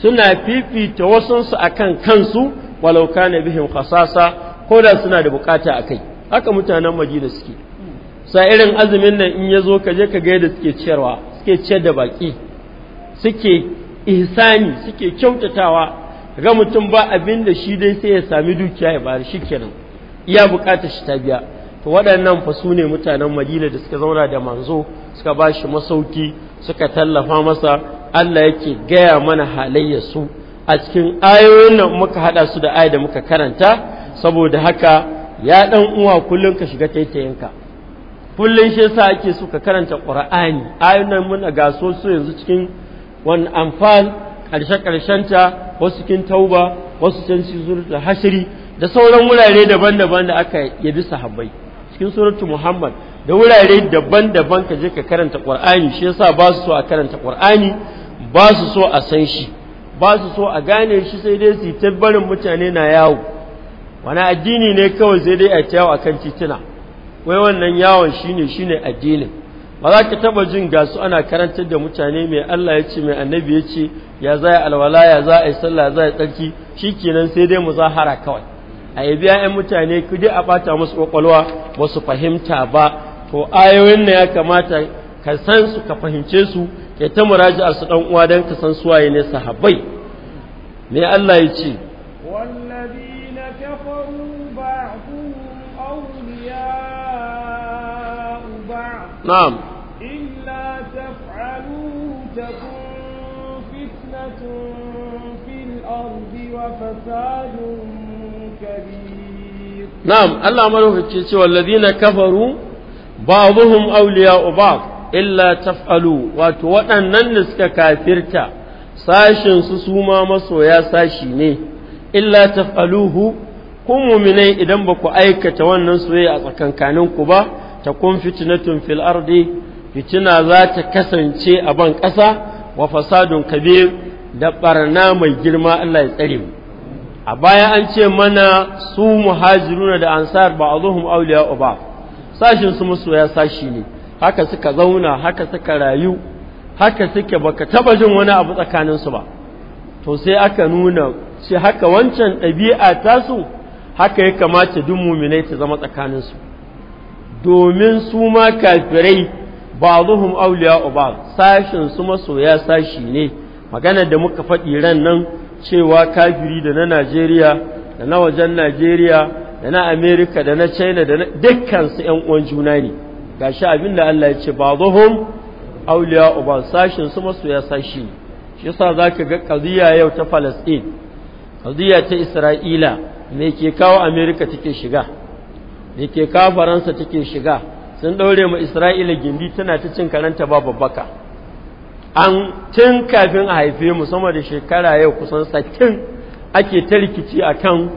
suna fifita wasansu akan kansu walau na bihim khasasa ko da suna da bukata kai. haka mutanen Madina suke sa irin azumin nan in yazo ka je ka ga yadda suke ciyarwa suke ciyar da baki suke ihsani suke kyautatawa ga mutum ba abin da shi dai sai ya sami dukiya ya bari shi kenan iya bukatar shi ta biya to waɗannan fa su ne mutanen madina da suka zauna da manzo suka ba shi masauki suka tallafa masa Allah yake gaya mana halayyar su a cikin ayoyin nan muka hada su da aya da muka karanta saboda haka ya dan uwa kullum ka shiga taitayinka kullum shi yasa ake suka ka karanta qur'ani ayoyin muna gaso su yanzu cikin wani amfan karshe karshen ta wasu cikin tauba wasu can da hashiri, da sauran wurare daban-daban da aka yabi sahabbai cikin suratul muhammad da wurare daban-daban ka je ka karanta ƙura'ani shi yasa ba su so a karanta ƙura'ani ba su so a san shi ba su so a gane shi sai dai su yi tabbarin mutane na yawo wani addini ne kawai zai dai a yawo kan titina wai wannan yawon shine shine addinin ba za ka taba jin gasu ana karantar da mutane mai Allah ya ce mai annabi ya ce ya za alwala ya za a yi sallah za a tsarki shi kenan sai dai mu zahara kawai a biya ‘yan mutane ku dai a bata musu kwakwalwa ba su fahimta ba to ayoyin na ya kamata ka san su ka fahimce su ke ta a su dan uwa dan ka san suwaye ne sahabbai me Allah ya ce ضعف نعم إلا تفعلوه تكن فتنة في الأرض وفساد كبير نعم الله ملوك التشيء والذين كفروا بعضهم أولياء بعض إلا تفعلوا وتوأن نسك كافرتا sashin su suma masoya sashi ne illa taf'aluhu ku mu'minai idan ba ku aikata wannan soyayya a tsakankaninku ba takun fitina fitnatun fil ardi fitina za ta kasance a ban ƙasa wa fasadun kabir da barna mai girma Allah ya tsare mu a baya an ce mana su muhajiruna da ansar ba azuhum awliya ba sashin su masoya sashi ne haka suka zauna haka suka rayu haka suke baka taba jin wani abu tsakanin su ba to sai aka nuna shi haka wancan ɗabi'a tasu haka ya kamata duk muminai ta zama tsakanin su domin su ma kafirai ba'dhum awliya ba'd sashin su masoya sashi ne maganar da muka faɗi ran nan cewa kafiri da na Najeriya da na wajen Najeriya da na Amerika da na China da na su 'yan uwan juna ne shi abin da Allah ya ce ba'dhum awliya ba'd sashin su masoya sashi ne shi za ka ga kaziya yau ta Falasɗin? Kaziya ta Isra'ila me ke kawo Amerika take shiga da ke kafaransa take shiga sun ɗaure ma isra'ila gindi tana ta cin karanta ba baka an tun kafin a haife mu sama da shekara yau kusan sakin ake ta rikici a kan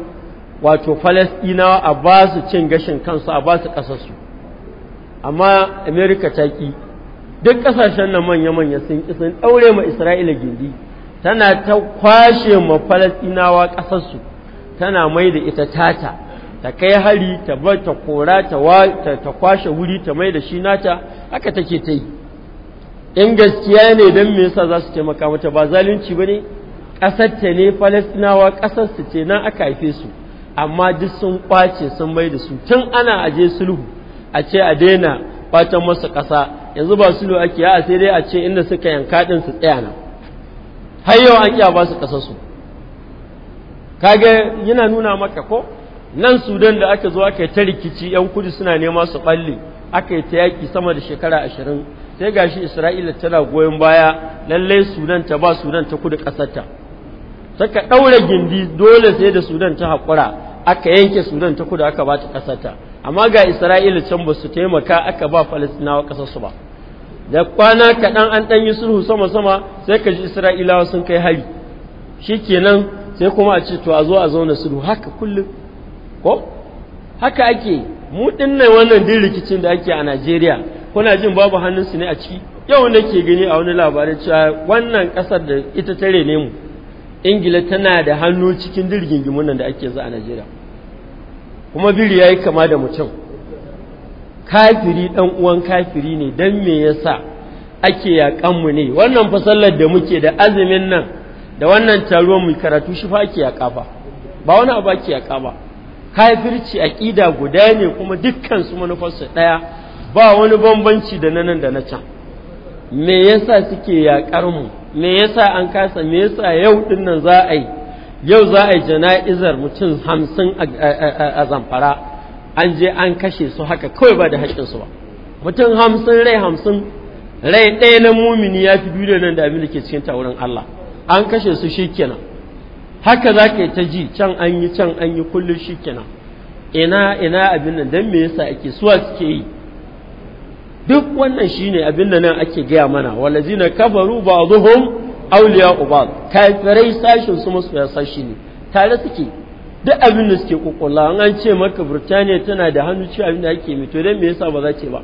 wato falasɗinawa a ba su cin gashin kansu a ba su ƙasarsu amma amerika ta ƙi duk ƙasashen nan manya-manya sun ƙi sun ɗaure ma isra'ila gindi tana ta kwashe ma falasɗinawa ƙasarsu tana mai da ita tata ta kai hari ta bar ta kora ta kwashe wuri ta mai da shi nata haka take ta yi in gaskiya ne don me yasa za su taimaka mata ba zalunci ba ne ƙasarta ne falastinawa ƙasarsu ce na aka haife su amma duk sun kwace sun mai da su tun ana aje sulhu a ce a daina kwacen masu ƙasa yanzu ba sulhu ake a sai dai a ce inda suka yanka ɗin su tsaya nan har yau an iya ba su su kaga yana nuna maka ko nan sudan da aka zo aka yi ta rikici yan kudu suna nema su balle aka yi ta yaƙi sama da shekara ashirin sai gashi isra'ila tana goyon baya lallai sudan ta ba sudan ta kudu ƙasarta saka ɗaure gindi dole sai da sudan ta haƙura aka yanke sudan ta kudu aka ba ta ƙasarta amma ga isra'ila can ba su taimaka aka ba falastinawa ƙasarsu ba da kwana kaɗan an ɗan yi sulhu sama sama sai ka ji isra'ilawa sun kai hari shikenan sai kuma a ce to a zo a zauna sulhu haka kullum ko haka ake mu dinnan wannan din rikicin da ake a Najeriya kuna jin babu hannun su ne a ciki yau nake gani a wani labarin cewa wannan kasar da ita tare ne mu ingila tana da hannu cikin dirgingimin nan da ake za a najeriya kuma biri yayi kama da mutum kafiri ɗan uwan kafiri ne dan me yasa ake yakan mu ne wannan fasallar da muke da azumin nan da wannan taruwan mu karatu shi fa ake yaƙa ba ba wani abu ake yaƙa ba kafirci aƙida guda ne kuma dukkan su manufarsu ɗaya ba wani bambanci da nan da na can me yasa suke yaƙar mu me yasa an kasa me yasa yau ɗin nan za a yi yau za a yi jana'izar mutum hamsin a zamfara an je an kashe su haka kawai ba da haƙƙinsu ba mutum hamsin rai hamsin rai ɗaya na mumini ya fi biyu da nan da abin da ke cikin taurin Allah an kashe su shi haka za ka yi ta ji can an yi can an yi kullum shi kenan ina ina abin nan don me yasa ake suwa suke yi duk wannan shi ne abin da nan ake gaya mana walazina kafaru ba'dhum auliya uba kafirai sashin su ya sashi ne tare suke duk abin da suke kokolla an ce maka Burtaniya tana da hannu ci abin da ake mai to don me yasa ba za ce ba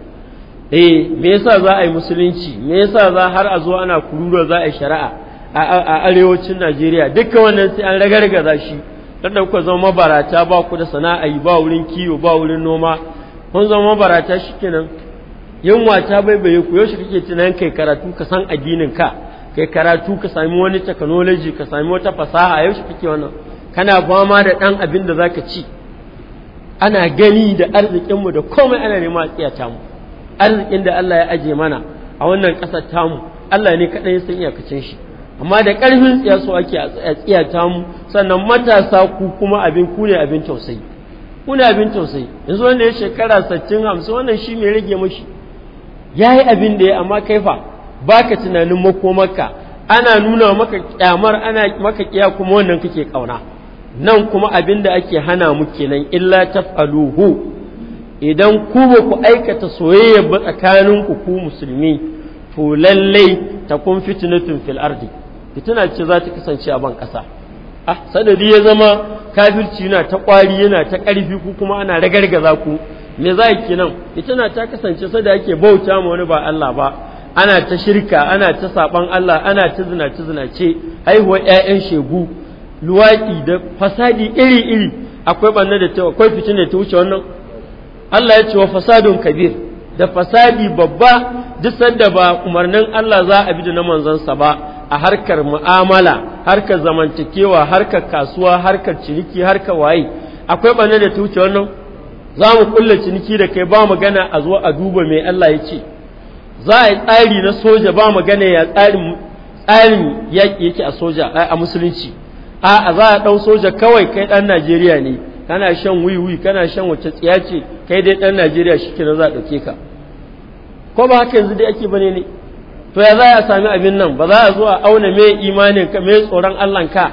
eh me yasa za a yi musulunci me yasa za har a zo ana kurura za a yi shari'a a arewacin Najeriya duka wannan sai an ragargaza shi don da kuka zama mabarata ba ku da sana'a ba wurin kiwo ba wurin noma kun zama mabarata shikenan yunwa ta baibaye ku yaushe kake tunanin kai karatu ka san addinin ka kai karatu ka sami wani technology ka sami wata fasaha yaushe kake wannan kana fama da dan abin da zaka ci ana gani da arzikinmu da komai ana nema ta mu arzikin da Allah ya aje mana a wannan ƙasar tamu Allah ne kaɗai san iyakacin shi amma da ƙarfin tsiya ake a tsiyata mu sannan matasa ku kuma abin ku ne abin tausayi ku ne abin tausayi yanzu ya shekara sattin hamsin wannan shi mai rage mashi ya yi abin da ya amma kaifa ba ka tunanin makomaka ana nuna maka kyamar ana maka kiya kuma wannan kake ƙauna. nan kuma abin da ake hana mu kenan illa ta faluhu idan ku ba ku aikata soyayya ba tsakaninku ku musulmi to lallai kun fitnatun fil ardi na ce za ta kasance a ban ƙasa A ah, sanadi ya zama kafirci yana ta ƙwari yana ta ƙarfi ku kuma ana ragargaza ku me za ki nan na ta kasance sada ake bauta ma wani ba Allah ba ana ta shirka ana ta saban Allah ana ta zina ta zina ce haihuwar 'ya'yan shegu luwaɗi da fasadi iri iri akwai banna da ta akwai fitina ta wuce wannan Allah ya ce wa fasadun kabir da fasadi babba duk sanda ba umarnin Allah za a bi da na manzansa ba a harkar mu'amala harkar zamantakewa harkar kasuwa harkar ciniki harkar waye akwai bane da ta wuce wannan za mu kulla ciniki da kai ba magana a zuwa a duba mai Allah ya ce za a yi tsari na soja ba magana ya tsarin tsarin yaƙi yake a soja a musulunci a za a ɗau soja kawai kai ɗan Najeriya ne kana shan wiwi kana shan wace tsiya ce kai dai ɗan Najeriya shi kenan za a ɗauke ka ko ba haka yanzu dai ake bane ne to ya za a sami abin nan ba za a zo a auna me imanin ka me tsoron Allah ka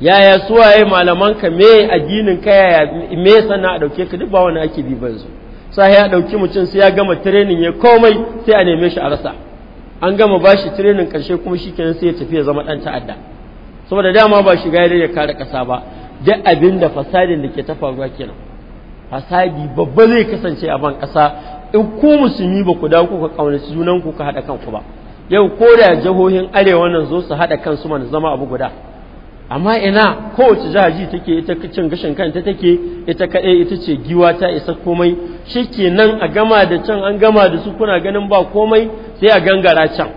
yaya ya malaman ka me addinin ka yaya me sana a dauke ka duk ba wani ake bi su. sai ya dauki mutum sai ya gama training ya komai sai a neme shi a rasa an gama bashi training karshe kuma shikenan sai ya tafi ya zama dan ta'adda saboda dama ba shiga gaida ya kare kasa ba duk abin da fasadin da ke ta faruwa kenan fasadi babba zai kasance a ban kasa in ku musulmi ba ku dawo ka kaunaci junan ku ka haɗa kanku ba yau ko da jihohin arewa nan zo su haɗa kansu mana zama abu guda amma ina kowace jihaji take ita cin gashin kanta take ita kaɗai ita ce giwa ta isa komai nan a gama da can an gama da su kuna ganin ba komai sai a gangara can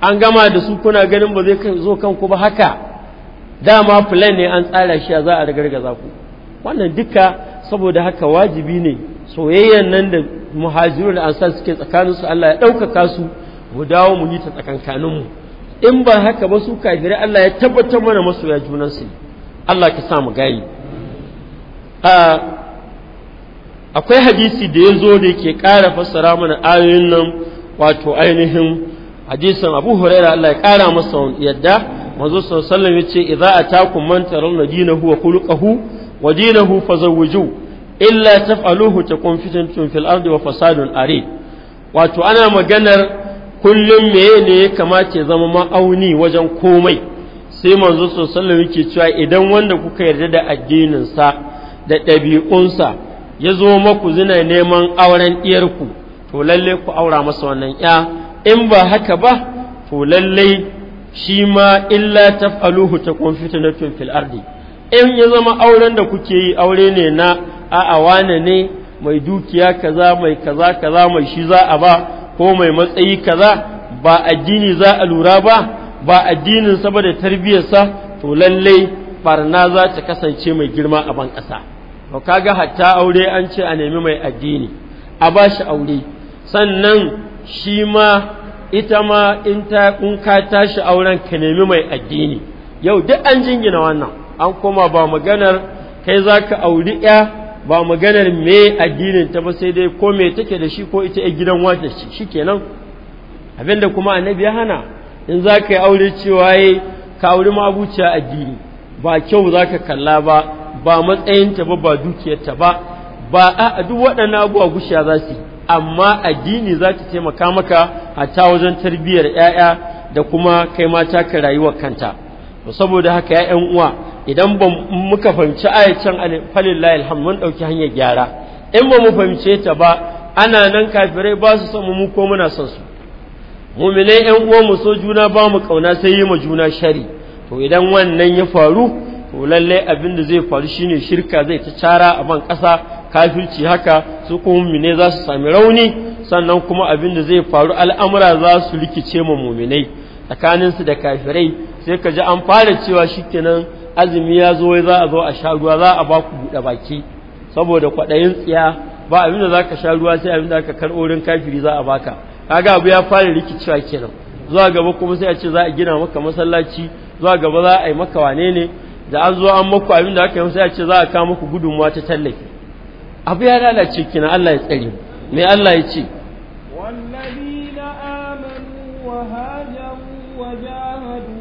an gama da su kuna ganin ba zai zo kanku ba haka dama plan ne an tsara shi za a ragargaza ku wannan duka saboda haka wajibi ne soyayyan nan da muhajirun da ansar suke tsakaninsu Allah ya ɗaukaka su mu dawo mu yi ta tsakankaninmu in ba haka ba su kafirai Allah ya tabbatar mana masoya junansu Allah ka sa mu gayi akwai hadisi da ya zo da ke ƙara fassara mana ayoyin nan wato ainihin hadisin abu huraira Allah ya ƙara masa yadda manzo sallallahu ya ce yace idza atakum man tarawna dinahu wa khuluquhu wa dinahu fazawwiju illa taf'aluhu takun fitnatun fil ardi wa fasadun are. wato ana maganar kullum me ne ya kamata ya zama ma'auni wajen komai sai manzo sallallahu yake cewa idan wanda kuka yarda da addininsa da ɗabi'unsa ya zo maku zina neman auren ɗiyarku to lalle ku aura masa wannan ya in ba haka ba to lalle shi ma illa taf'aluhu ta fitnatun fil ardi in ya zama auren da kuke yi aure ne na a'a wane ne mai dukiya kaza mai kaza kaza mai shi za a ba ko mai matsayi kaza ba addini za a lura ba ba addinin sa ba da tarbiyarsa to lallai barna za ta kasance mai girma a ban ƙasa to kaga hatta aure an ce a nemi mai addini a ba shi aure sannan shi ma ita ma in ta kun ka tashi auren ka nemi mai addini yau duk an jingina wannan an koma ba maganar kai za ka auri 'ya ba maganar me addinin ta ba sai dai ko me take da shi ko ita a gidan wata shi kenan abinda kuma annabi ya hana in za ka yi aure cewa ya eh, ka auri mabuciya addini ba kyau za ka kalla ba ba matsayinta ba ba dukiyarta ba ba a duk waɗannan abuwa gushiya za su amma addini za ta taimaka maka hatta wajen tarbiyyar 'ya'ya da kuma kai mata ka rayuwar kanta saboda haka 'ya'yan uwa idan ba muka fahimci ayacin falillahi alhamdu mun ɗauki hanyar gyara in ba mu fahimci ta ba ana nan kafirai ba su samu mu ko muna son su muminai yan uwa mu so juna ba mu kauna sai yi ma juna shari to idan wannan ya faru to lallai abin da zai faru shine shirka zai ta cara a ban ƙasa kafirci haka su kuma muminai za su sami rauni sannan kuma abin da zai faru al'amura za su rikice ma muminai tsakaninsu da kafirai sai ka ji an fara cewa shikenan azumi ya zo za a zo a sha ruwa za a ba ku buɗe baki saboda kwaɗayin tsiya ba abin da za ka sha ruwa sai abin da aka karɓo wurin kafiri za a baka kaga abu ya fara rikicewa kenan zuwa gaba kuma sai a ce za a gina maka masallaci zuwa gaba za a yi maka wane ne da an zo an maku abin da aka yi sai a ce za a kawo maku gudunmuwa ta tallafi abu ya lalace kenan Allah ya tsare me Allah ya ce wa hajaru wa jahadu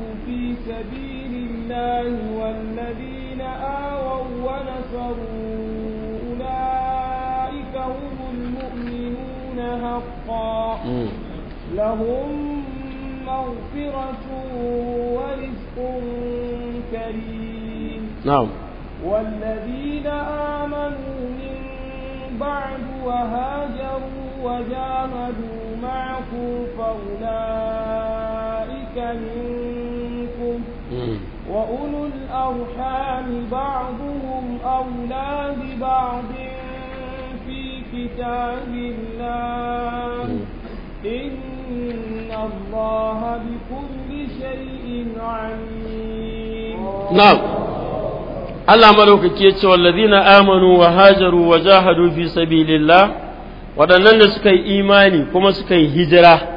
الله والذين آووا ونصروا أولئك هم المؤمنون حقا لهم مغفرة ورزق كريم نعم والذين آمنوا من بعد وهاجروا وجاهدوا معكم فأولئك منكم وأولو الأرحام بعضهم أولى ببعض في كتاب الله إن الله بكل شيء عليم نعم الله ملوك كيتش والذين آمنوا وهاجروا وجاهدوا في سبيل الله waɗannan da suka yi imani kuma suka yi hijira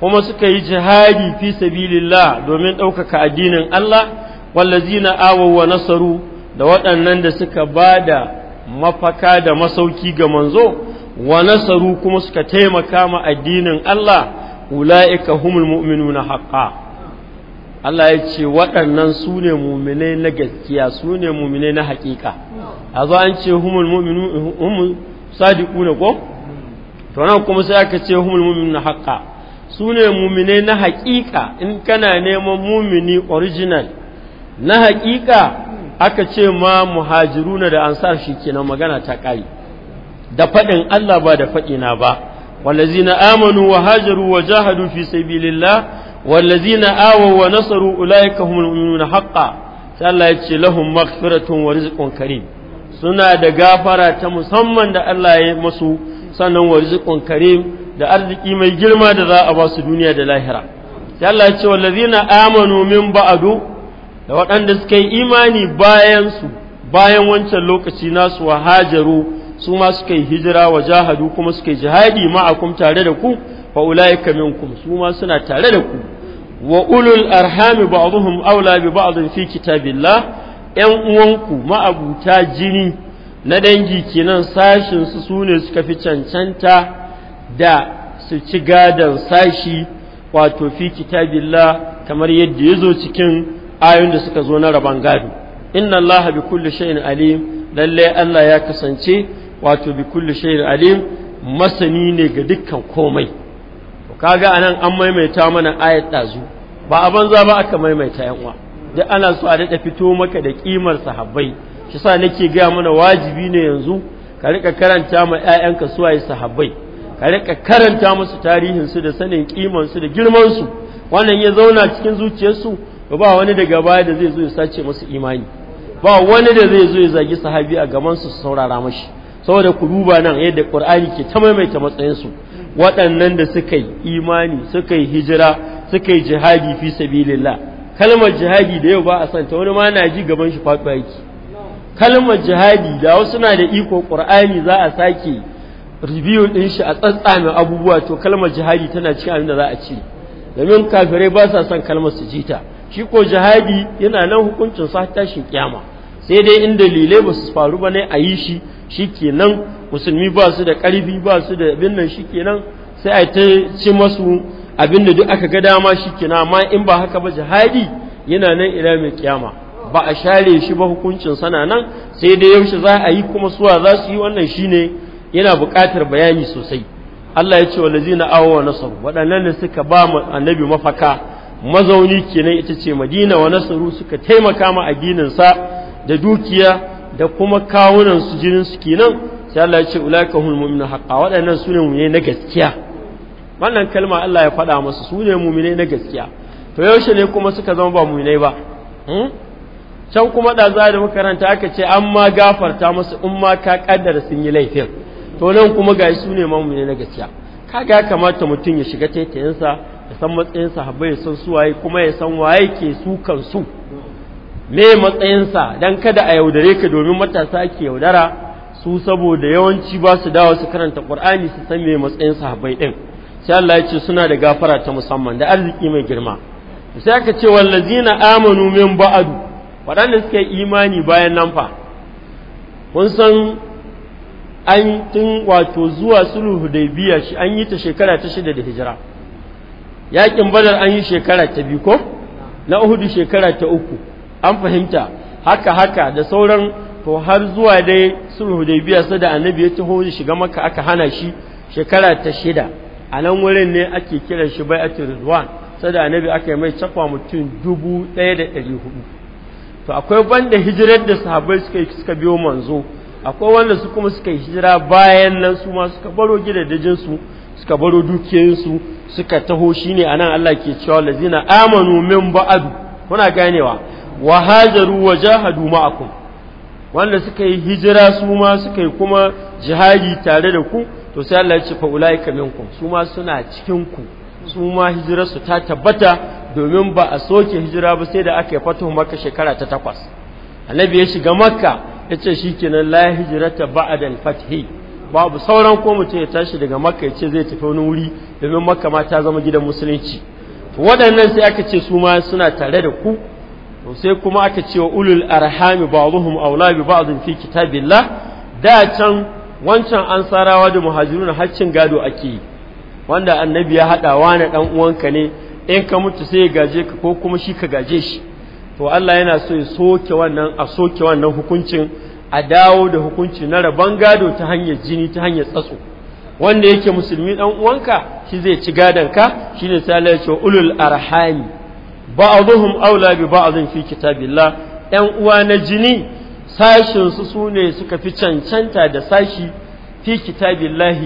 kuma suka yi jihadi fi sabilillah domin ɗaukaka addinin Allah wallazina awaw wa nasaru da waɗannan da suka bada mafaka da masauki ga manzo wa nasaru kuma suka taimaka ma addinin Allah ula'ika humul mu'minuna haqqan Allah ya ce waɗannan su ne muminai na gaskiya su ne muminai na haƙiƙa a zo an ce humul mu'minu humul sadiquna ko to nan kuma sai aka ce humul mu'minuna haqqan su ne mumine na haƙiƙa in kana neman mumini original na haƙiƙa aka ce ma muhajiruna da ansar shi kenan magana ta ƙari da faɗin Allah ba da faɗina ba wallazina amanu wa hajaru wa jahadu fi sabilillah wallazina awaw wa nasaru ulaika humul mu'minuna haqqan sai Allah ya ce lahum maghfiratun wa rizqun karim suna da gafara ta musamman da Allah ya yi masu sannan wa rizqun karim da arziki mai girma da za a ba su duniya da lahira sai Allah ya ce amanu min ba'du da waɗanda suka yi imani bayan su bayan wancan lokaci nasu wa hajaru su ma suka yi hijira wa jahadu kuma suka yi jihadi ma'akum tare da ku fa ulaika minkum su ma suna tare da ku wa ulul arhami ba'dhum aula bi ba'd fi kitabillah yan uwanku ma'abuta jini na dangi kenan sashin su sune suka fi cancanta da su ci gadon sashi wato fi kitabillah kamar yadda ya zo cikin ayoyin da suka zo na rabon gado inna Allah bi kulli shay'in alim lalle Allah ya kasance wato bi kulli shay'in alim masani ne ga dukkan komai To kaga anan an maimaita mana ayat dazu ba a banza ba aka maimaita yan uwa duk ana so a daɗa fito maka da ƙimar sahabbai shi sa nake gaya mana wajibi ne yanzu ka rika karanta ma 'ya'yanka suwaye sahabbai ka rika karanta musu tarihinsu da sanin kimansu da girmansu wannan ya zauna cikin zuciyarsu ba wani daga baya da zai zo ya sace musu imani ba wani da zai zo ya zagi sahabi a gaban su saurara mashi saboda ku duba nan yadda qur'ani ke ta maimaita matsayinsu waɗannan da suka yi imani suka yi hijira suka yi jihadi fi sabilillah kalmar jihadi da yau ba a santa wani ma na ji gaban shi faɗuwa yake kalmar jihadi da wasu na da iko ƙur'ani za a sake Ribiyu ɗin shi a tsantsamin abubuwa to kalmar jihadi tana cikin abin da za a ci domin kafirai ba sa son kalmar su jita shi ko jihadi yana nan hukuncin sa tashin kiyama sai dai in dalilai ba su faru ba ne a yi shi shi shikenan musulmi ba su da karfi ba su da abin nan shikenan sai a ta ci masu abin da duk aka ga dama shi shikenan amma in ba haka ba jihadi yana nan ila mai kiyama ba a share shi ba hukuncin sana nan sai dai yaushe za a yi kuma suwa za su yi wannan shine yana buƙatar bayani sosai Allah ya ce wa lazina awa wa nasaru waɗannan da suka ba annabi mafaka mazauni kenan ita ce madina wa nasaru suka taimaka ma addininsa da dukiya da kuma kawunan su jinin su kenan sai Allah ya ce ulaka hul mu'minu haqqa waɗannan su ne mu'minai na gaskiya wannan kalma Allah ya faɗa masa su ne mu'minai na gaskiya to yaushe ne kuma suka zama ba muminai ba hmm? can kuma da za da makaranta aka ce an ma gafarta masu umma ka kaddara sun yi laifin to nan kuma ga su ne mamuni na gaskiya kaga ya kamata mutum ya shiga taitayensa ya san matsayinsa sahabbai ya san su waye kuma ya san waye ke su kansu me matsayinsa don kada a yaudare ka domin matasa ke yaudara su saboda yawanci ba su dawo su karanta ƙur'ani su san me matsayinsa sahabbai ɗin sai Allah ya ce suna da gafara ta musamman da arziki mai girma sai aka ce wallazina amanu min ba'adu waɗanda suka yi imani bayan nan fa kun san an tun wato zuwa sulhu hudaybiya shi an yi ta shekara ta shida da hijira yakin badar an yi shekara ta biyu ko na uhudu shekara ta uku an fahimta haka haka da sauran to har zuwa dai sulhu hudaybiya sai da annabi ya taho ya shiga maka aka hana shi shekara ta shida a nan wurin ne ake kiran shi bai'atul ridwan sai da annabi aka yi mai cafa mutum dubu ɗaya da ɗari hudu to akwai banda hijirar da sahabbai suka suka biyo manzo akwai wanda su kuma suka yi hijira bayan nan su ma suka baro su suka baro dukiyoyinsu suka taho shi ne a nan Allah ke cewa lazina amanu min ba'adu kuna ganewa wa hajaru wa jahadu ma'akum wanda suka yi hijira su ma suka yi kuma jihadi tare da ku to sai Allah ya ce fa ulaika minkum su ma suna cikin ku su ma hijirarsu ta tabbata domin ba a soke hijira ba sai da aka yi fatuhu maka shekara ta takwas annabi ya shiga makka yace kenan la hijrata ba'da al-fath babu sauran ko mutum ya tashi daga makka yace zai tafi wani wuri domin makka ma ta zama gidan musulunci to waɗannan sai aka ce su ma suna tare da ku to sai kuma aka ce wa ulul arhami ba'dhum awla bi ba'd fi kitabillah da can wancan ansarawa da muhajiruna haccin gado ake wanda annabi ya haɗa wa na ɗan uwanka ne in ka mutu sai ya gaje ka ko kuma shi ka gaje shi to Allah yana so ya soke wannan a soke wannan hukuncin a dawo da hukunci na rabon gado ta hanyar jini ta hanyar tsatso wanda yake musulmi dan uwanka shi zai ci gadon ka shine sai ya ce ulul arhami ba'dhum aula bi ba'dhin fi kitabillah dan uwa na jini sashin su sune suka fi cancanta da sashi fi kitabillah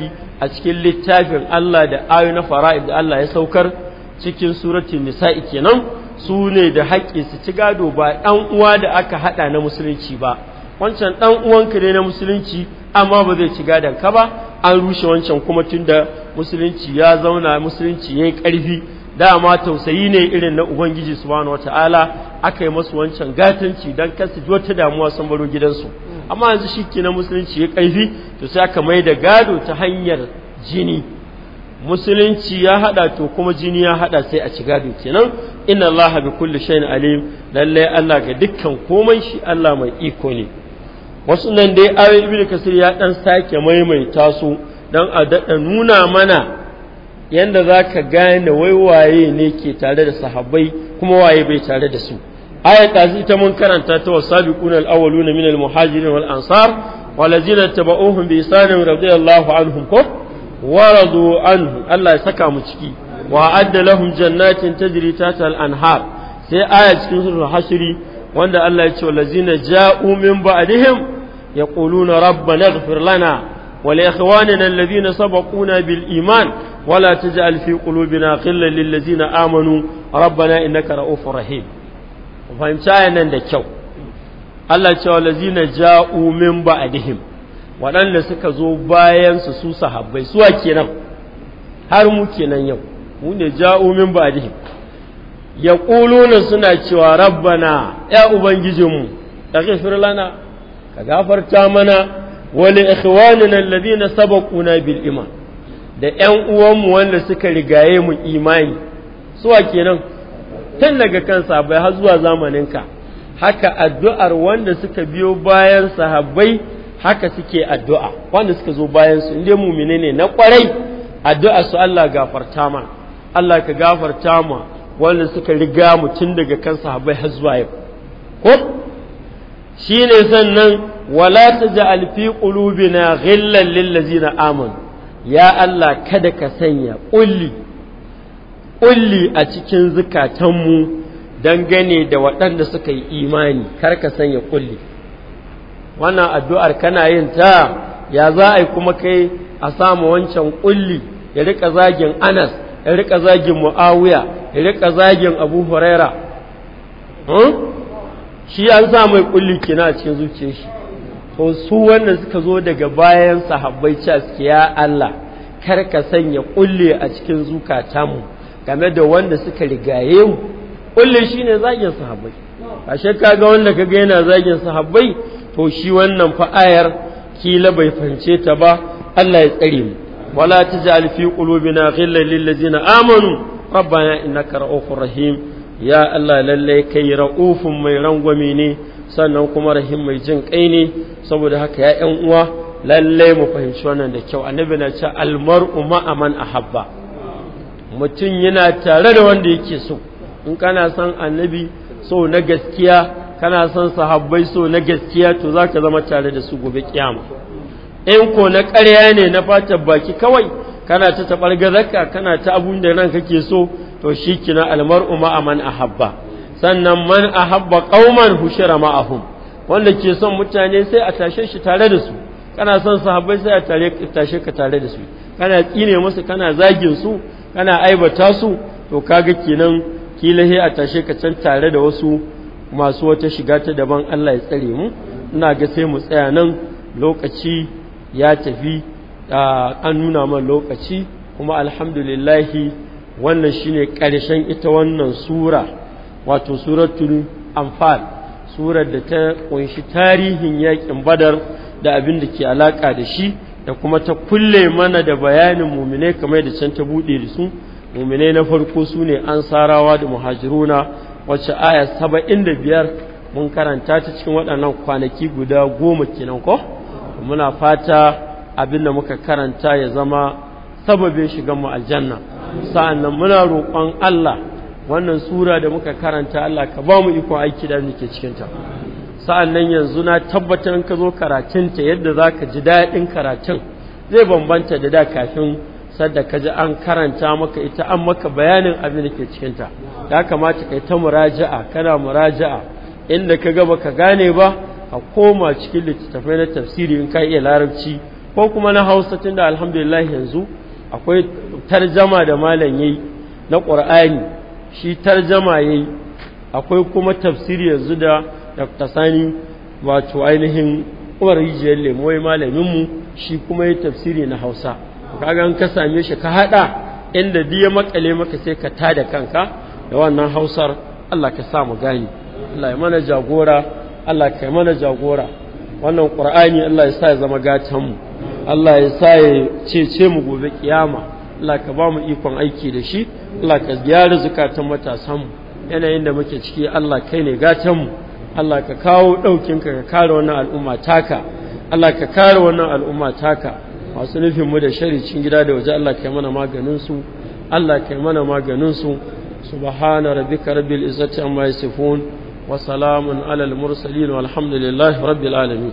a cikin littafin Allah da ayu na fara'id da Allah ya saukar cikin suratul nisa'i kenan su ne da haƙƙi su ci gado ba ɗan uwa da aka haɗa na musulunci ba wancan ɗan uwanka ne na musulunci amma ba zai ci gadon ka ba an rushe wancan kuma tun da musulunci ya zauna musulunci ya yi ƙarfi dama tausayi ne irin na ubangiji subhanahu wataala aka yi masu wancan gatanci don kansu ji wata damuwa sun baro gidansu amma yanzu shi ke na musulunci ya ƙarfi to sai aka mai da gado ta hanyar jini musulunci ya haɗa to kuma jini ya haɗa sai a ci gado kenan inna allaha bi kulli shay'in alim lallai Allah ga dukkan komai shi Allah mai iko ne wasu nan dai ayoyi ibnu kasir ya dan sake maimaita su dan a dada nuna mana yanda zaka gane wai waye ne ke tare da sahabbai kuma waye bai tare da su ayat ta ita mun karanta ta wasabiquna alawwaluna minal muhajirin wal ansar والذين اتبعوهم بإحسان رضي الله anhum ko. waradu anhu Allah ya saka mu ciki wa adda lahum jannatin tajri tahta al-anhar sai aya cikin suratul hasri wanda Allah ya ce wallazina ja'u min ba'dihim yaquluna rabbana ighfir lana wa li ikhwanina alladhina sabaquna bil iman wala la taj'al fi qulubina ghillan lil ladzina amanu rabbana innaka ra'ufur rahim fahimci nan da kyau Allah ya ce wallazina ja'u min ba'dihim waɗanda suka zo bayan su su sahabbai suwa kenan har mu kenan yau mu ne ja'u min ba'dihim ya ƙuluna suna cewa rabbana ya ubangijinmu taghfir lana ka gafarta mana wali ikhwanina alladhina sabaquna bil iman da ƴan uwanmu wanda suka rigaye mu imani suwa kenan tun daga kan sahabbai har zuwa zamaninka haka addu'ar wanda suka biyo bayan sahabbai haka suke addu'a wanda suka zo bayan su inda mumine ne na kwarai addu'a su Allah gafarta ma Allah ka gafarta ma wanda suka riga mutum daga kan sahabai har zuwa yau ko shine sannan wala alfi ƙulubi na ghillan lillazi na amon ya Allah kada ka sanya ƙulli ƙulli a cikin zukatanmu dangane da waɗanda suka yi imani kar ka sanya ƙulli. wannan addu'ar kana yin ta ya za a yi kuma kai a samu wancan ƙulli ya riƙa zagin anas ya riƙa zagin mu'awuya ya riƙa zagin abu huraira hmm? shi an sa mai kulli kina a cikin zuce shi to su wanda suka zo daga bayan sahabbai cewa ya Allah kar ka sanya ƙulli a cikin zukatanmu game da wanda suka rigaye mu kulli shine zagin sahabbai ashe kaga wanda kaga yana zagin sahabbai to shi wannan fa'ayar. ayar kila bai fahimce ta ba Allah ya tsare mu wala taj'al fi qulubina ghillan lil ladzina amanu rabbana innaka ra'ufur rahim ya Allah lalle kai ra'ufun mai rangwame ne sannan kuma rahim mai jin kai ne saboda haka ya ƴan uwa lalle mu fahimci wannan da kyau annabi na ce mar'u ma'a man ahabba mutum yana tare da wanda yake so in kana san annabi so na gaskiya kana son sahabbai so na gaskiya to za ka zama tare da su gobe kiyama in ko na ƙarya ne na fata baki kawai kana ta taɓar gazaka kana ta abun da ran kake so to shi kina almar'u a man ahabba sannan man ahabba qauman hushira ma'ahum wanda ke son mutane sai a tashe shi tare da su kana son sahabbai sai a tare tashe ka tare da su kana tsine musu kana zagin su kana aibata su to kaga kenan kila a tashe ka can tare da wasu masu wata shiga ta daban Allah ya tsare mu ina ga sai mu tsaya nan lokaci ya tafi an nuna man lokaci kuma alhamdulillahi wannan shine ƙarshen ita wannan sura wato suratul anfal surar da ta kunshi tarihin yakin badar da abin da ke alaka da shi da kuma ta kulle mana da bayanin muminai kamar da can ta buɗe da su muminai na farko su ne ansarawa da muhajiruna wacce aya saba'in da biyar mun karanta ta cikin waɗannan kwanaki guda goma kenan ko muna fata abin da muka karanta ya zama sababin shigan mu aljanna nan muna roƙon Allah wannan sura da muka karanta Allah ka ba mu iko aiki da muke cikin ta nan yanzu na tabbatar ka zo karatun ta yadda zaka ji daɗin karatun zai bambanta da da kafin ka ji an karanta maka ita an maka bayanin abin da ke cikinta ya kamata ka yi ta muraja'a kana muraja'a inda ka ga baka gane ba a koma cikin littattafai na tafsiri in ka iya larabci ko kuma na Hausa tunda alhamdulillah yanzu akwai tarjama da malam yayi na Qur'ani shi tarjama yayi akwai kuma tafsiri yanzu da Dr. Sani wato ainihin uwar rijiyar lemoyi malamin mu shi kuma yi tafsiri na Hausa kaga ka same shi ka haɗa inda biya makale maka sai ka tada kanka da wannan hausar Allah ka sa mu gani Allah ya mana jagora Allah ka mana jagora wannan qur'ani Allah ya sa ya zama gatan mu Allah ya sa ya cece mu gobe kiyama Allah ka ba mu ikon aiki da shi Allah ka gyara zukatan matasan mu yanayin da muke ciki Allah kai ne gatan mu Allah ka kawo ɗaukin ka kare wannan al'umma taka Allah ka kare wannan al'umma taka masu nufin mu da sharicin gida da waje Allah kai mana maganin su Allah kai mana maganin su subhana rabbika rabbil izzati amma yasifun wa salamun alal mursalin walhamdulillahi rabbil alamin